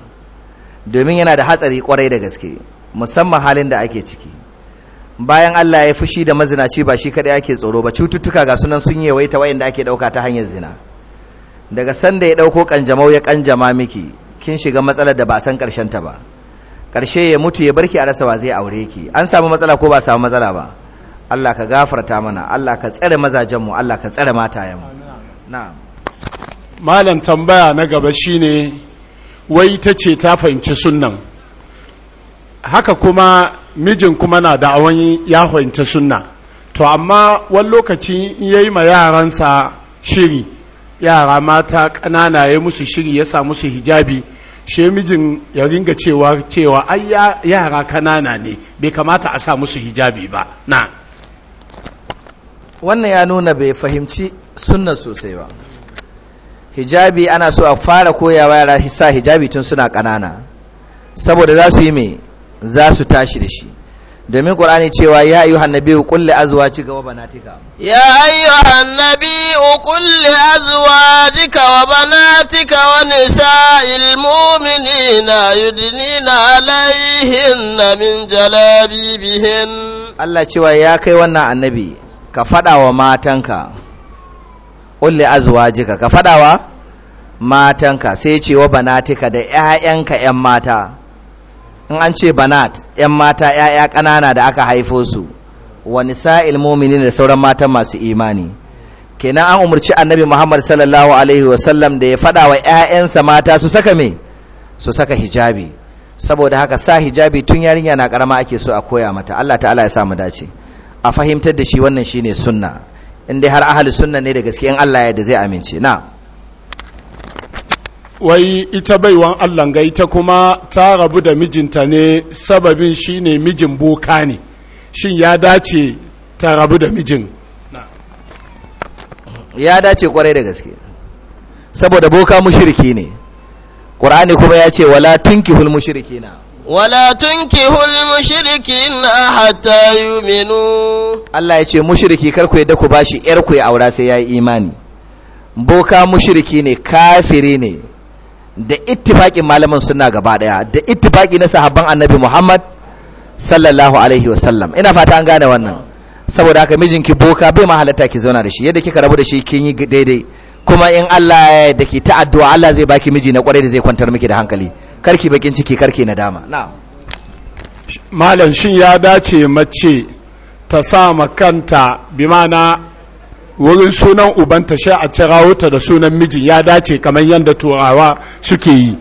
domin yana da hatsari kwarai da gaske musamman halin da ake ciki bayan Allah ya fushi da mazinaci ba shi kadai ake tsoro ba cututtuka ga sunan sun yi yawaita da ake ɗauka ta hanyar zina daga sanda ya ɗauko ƙanjamau ya ƙanjama miki kin shiga matsalar da ba san karshen ta ba ƙarshe ya mutu ya barki a rasa wa zai aure ki an samu matsala ko ba samu matsala ba Allah ka gafarta mana Allah ka tsare mazajenmu Allah ka tsare matayenmu na'am malam tambaya na gaba shine wai ta ce ta fahimci sunnan haka kuma mijin kuma na da awon ya fahimci sunna to amma wani lokaci yayi ma yaransa shiri yara mata ƙanana ya musu shiri ya sa musu hijabi she mijin ya ringa cewa cewa ai yara kanana ne bai kamata a sa musu hijabi ba na wannan ya nuna bai fahimci sunna sosai ba hijabi ana so a fara koyawa yara sa hijabi tun suna ƙanana saboda za su yi mai za su tashi da shi domin ƙulani cewa ya hannabi nabiyyu azuwa ci gaba wa banatika ya ayyuhan nabiyyu qul li azwajika wa banatika na yudini na yudnina na min bihin. Allah cewa ya kai wannan annabi ka faɗa wa matanka ƙulli jika ka faɗa wa matanka sai ce wa banatika da 'ya'yanka 'yan mata in an ce banat 'yan mata 'ya'ya ƙanana da aka haifo su wani sa'il muminin da sauran matan masu imani kenan an umarci annabi muhammad sallallahu alaihi wasallam da ya faɗa wa 'ya'yansa mata su saka me su saka hijabi saboda haka sa hijabi tun yarinya na ƙarama ake so a koya mata allah ta'ala ya sa mu dace a fahimtar da shi wannan shine sunna inda har ahli sunna ne da gaske in Allah ya da zai amince na wai ita baiwan Allah ga ita kuma ta rabu da mijinta ne sababin shine mijin boka ne shin ya dace ta rabu da mijin ya dace kwarai da gaske saboda boka mushriki ne qur'ani kuma ya ce wala tunkihul mushrikina wala tunkihul mushrikin hatta minu. Allah ya ce mushriki kar ku yadda ku bashi yar ku ya aura sai yi imani boka mushriki ne kafiri ne da ittifaqin malaman sunna gaba daya da ittifaqi na sahabban annabi Muhammad sallallahu alaihi wasallam ina fata an gane wannan saboda haka mijinki boka bai ma halatta ki zauna da shi yadda kika rabu da shi kin yi daidai kuma in Allah ya yarda ki ta addu'a Allah zai baki miji na kwarai da zai kwantar miki da hankali karki bakin ciki karki na dama malam shin ya dace mace ta sa makanta bi mana wurin sunan ubanta sai a cirawo wuta da sunan mijin ya dace kamar yadda turawa suke yi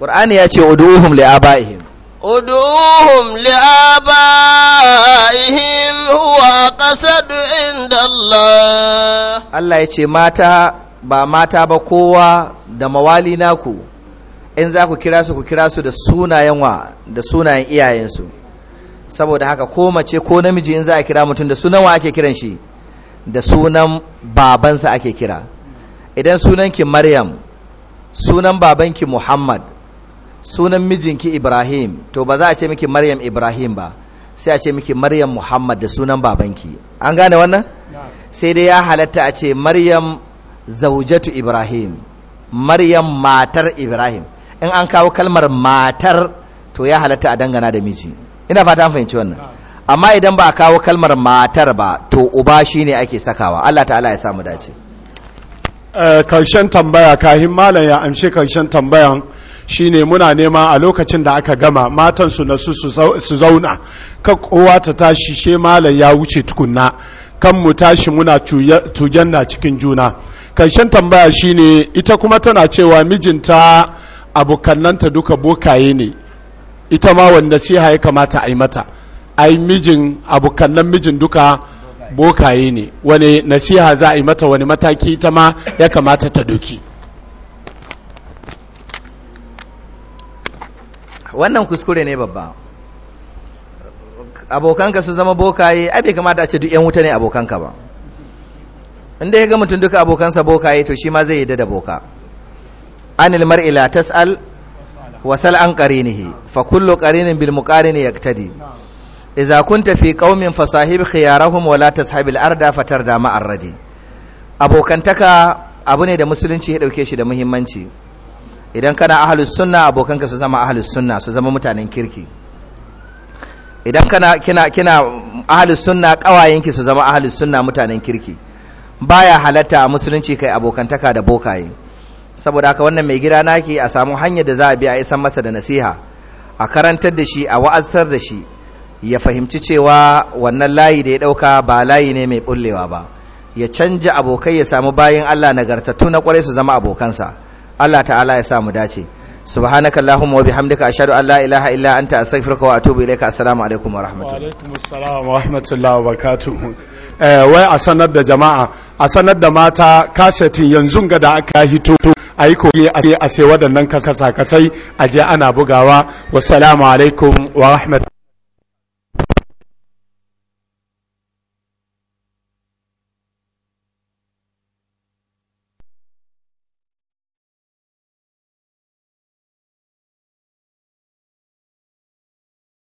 ƙur'ani ya ce uduhum li abaihim uduhum li huwa qasadu inda Allah Allah ya ce mata ba mata ba kowa da mawali naku in za ku kira su ku kira su da sunayen wa da sunayen iyayensu saboda haka ko mace ko namiji in za a kira mutum da sunan wa ake kiran shi da sunan babansa ake kira idan sunanki maryam sunan babanki muhammad sunan mijinki ibrahim to ba za a ce miki maryam ibrahim ba sai a ce miki maryam muhammad da sunan babanki an gane wannan sai dai ya halatta a ce maryam zaujatu ibrahim maryam matar ibrahim in an kawo kalmar matar to ya halatta a dangana da miji ina fata fahimci wannan amma idan ba a kawo kalmar matar ba to uba shine ake sakawa Allah ta'ala ya samu dace eh, karshen tambaya kahin malam ya amshi karshen tambayan shine muna nema a lokacin da aka gama matan su na su zauna ka kowa ta tashi she malam ya wuce tukunna kan mu tashi muna tuganna cikin juna karshen tambaya shine ita kuma tana cewa mijinta abokannanta duka bokaye ne ita ma wanda siha ya kamata a yi mata ai mijin abokannan mijin duka bokaye ne wani nasiha za a yi mata wani mataki ita ma ya kamata ta doki wannan kuskure ne babba abokanka su zama bokaye ai bai kamata a ce duk yan wuta ne abokanka ba inda ya ga mutum duka abokansa bokaye to shi ma zai yi da boka anil mar'i la tas'al wasal an qarinihi fa kullu qarinin bil muqarini yaqtadi idza kunta fi qaumin fasahib khiyarahum wa la tashabil arda fatar da ma'arradi. abokantaka abu ne da musulunci ya dauke shi da muhimmanci idan kana ahlus sunna abokanka su zama ahlus sunna su zama mutanen kirki idan kana kina kina ahlus sunna kawayenki su zama ahlus sunna mutanen kirki baya halatta a musulunci kai abokantaka da bokaye saboda haka wannan mai gida naki a samu hanyar da za a bi a isan masa da nasiha a karantar da shi a wa'azar da shi ya fahimci cewa wannan layi da ya ɗauka ba layi ne mai bullewa ba ya canja abokai ya samu bayan Allah nagartattu na kwarai su zama abokansa Allah ta'ala ya samu dace subhanaka allahumma wa bihamdika ashhadu an la ilaha illa anta astaghfiruka wa atubu ilayka assalamu alaikum wa rahmatullahi wa alaikum assalam wa rahmatullahi wa barakatuh eh wai a sanar da jama'a a sanar da mata kasetin yanzu ga da aka hito a yi ase a sai waɗannan kasakasai a je ana bugawa wasu alaikum wa rahmat.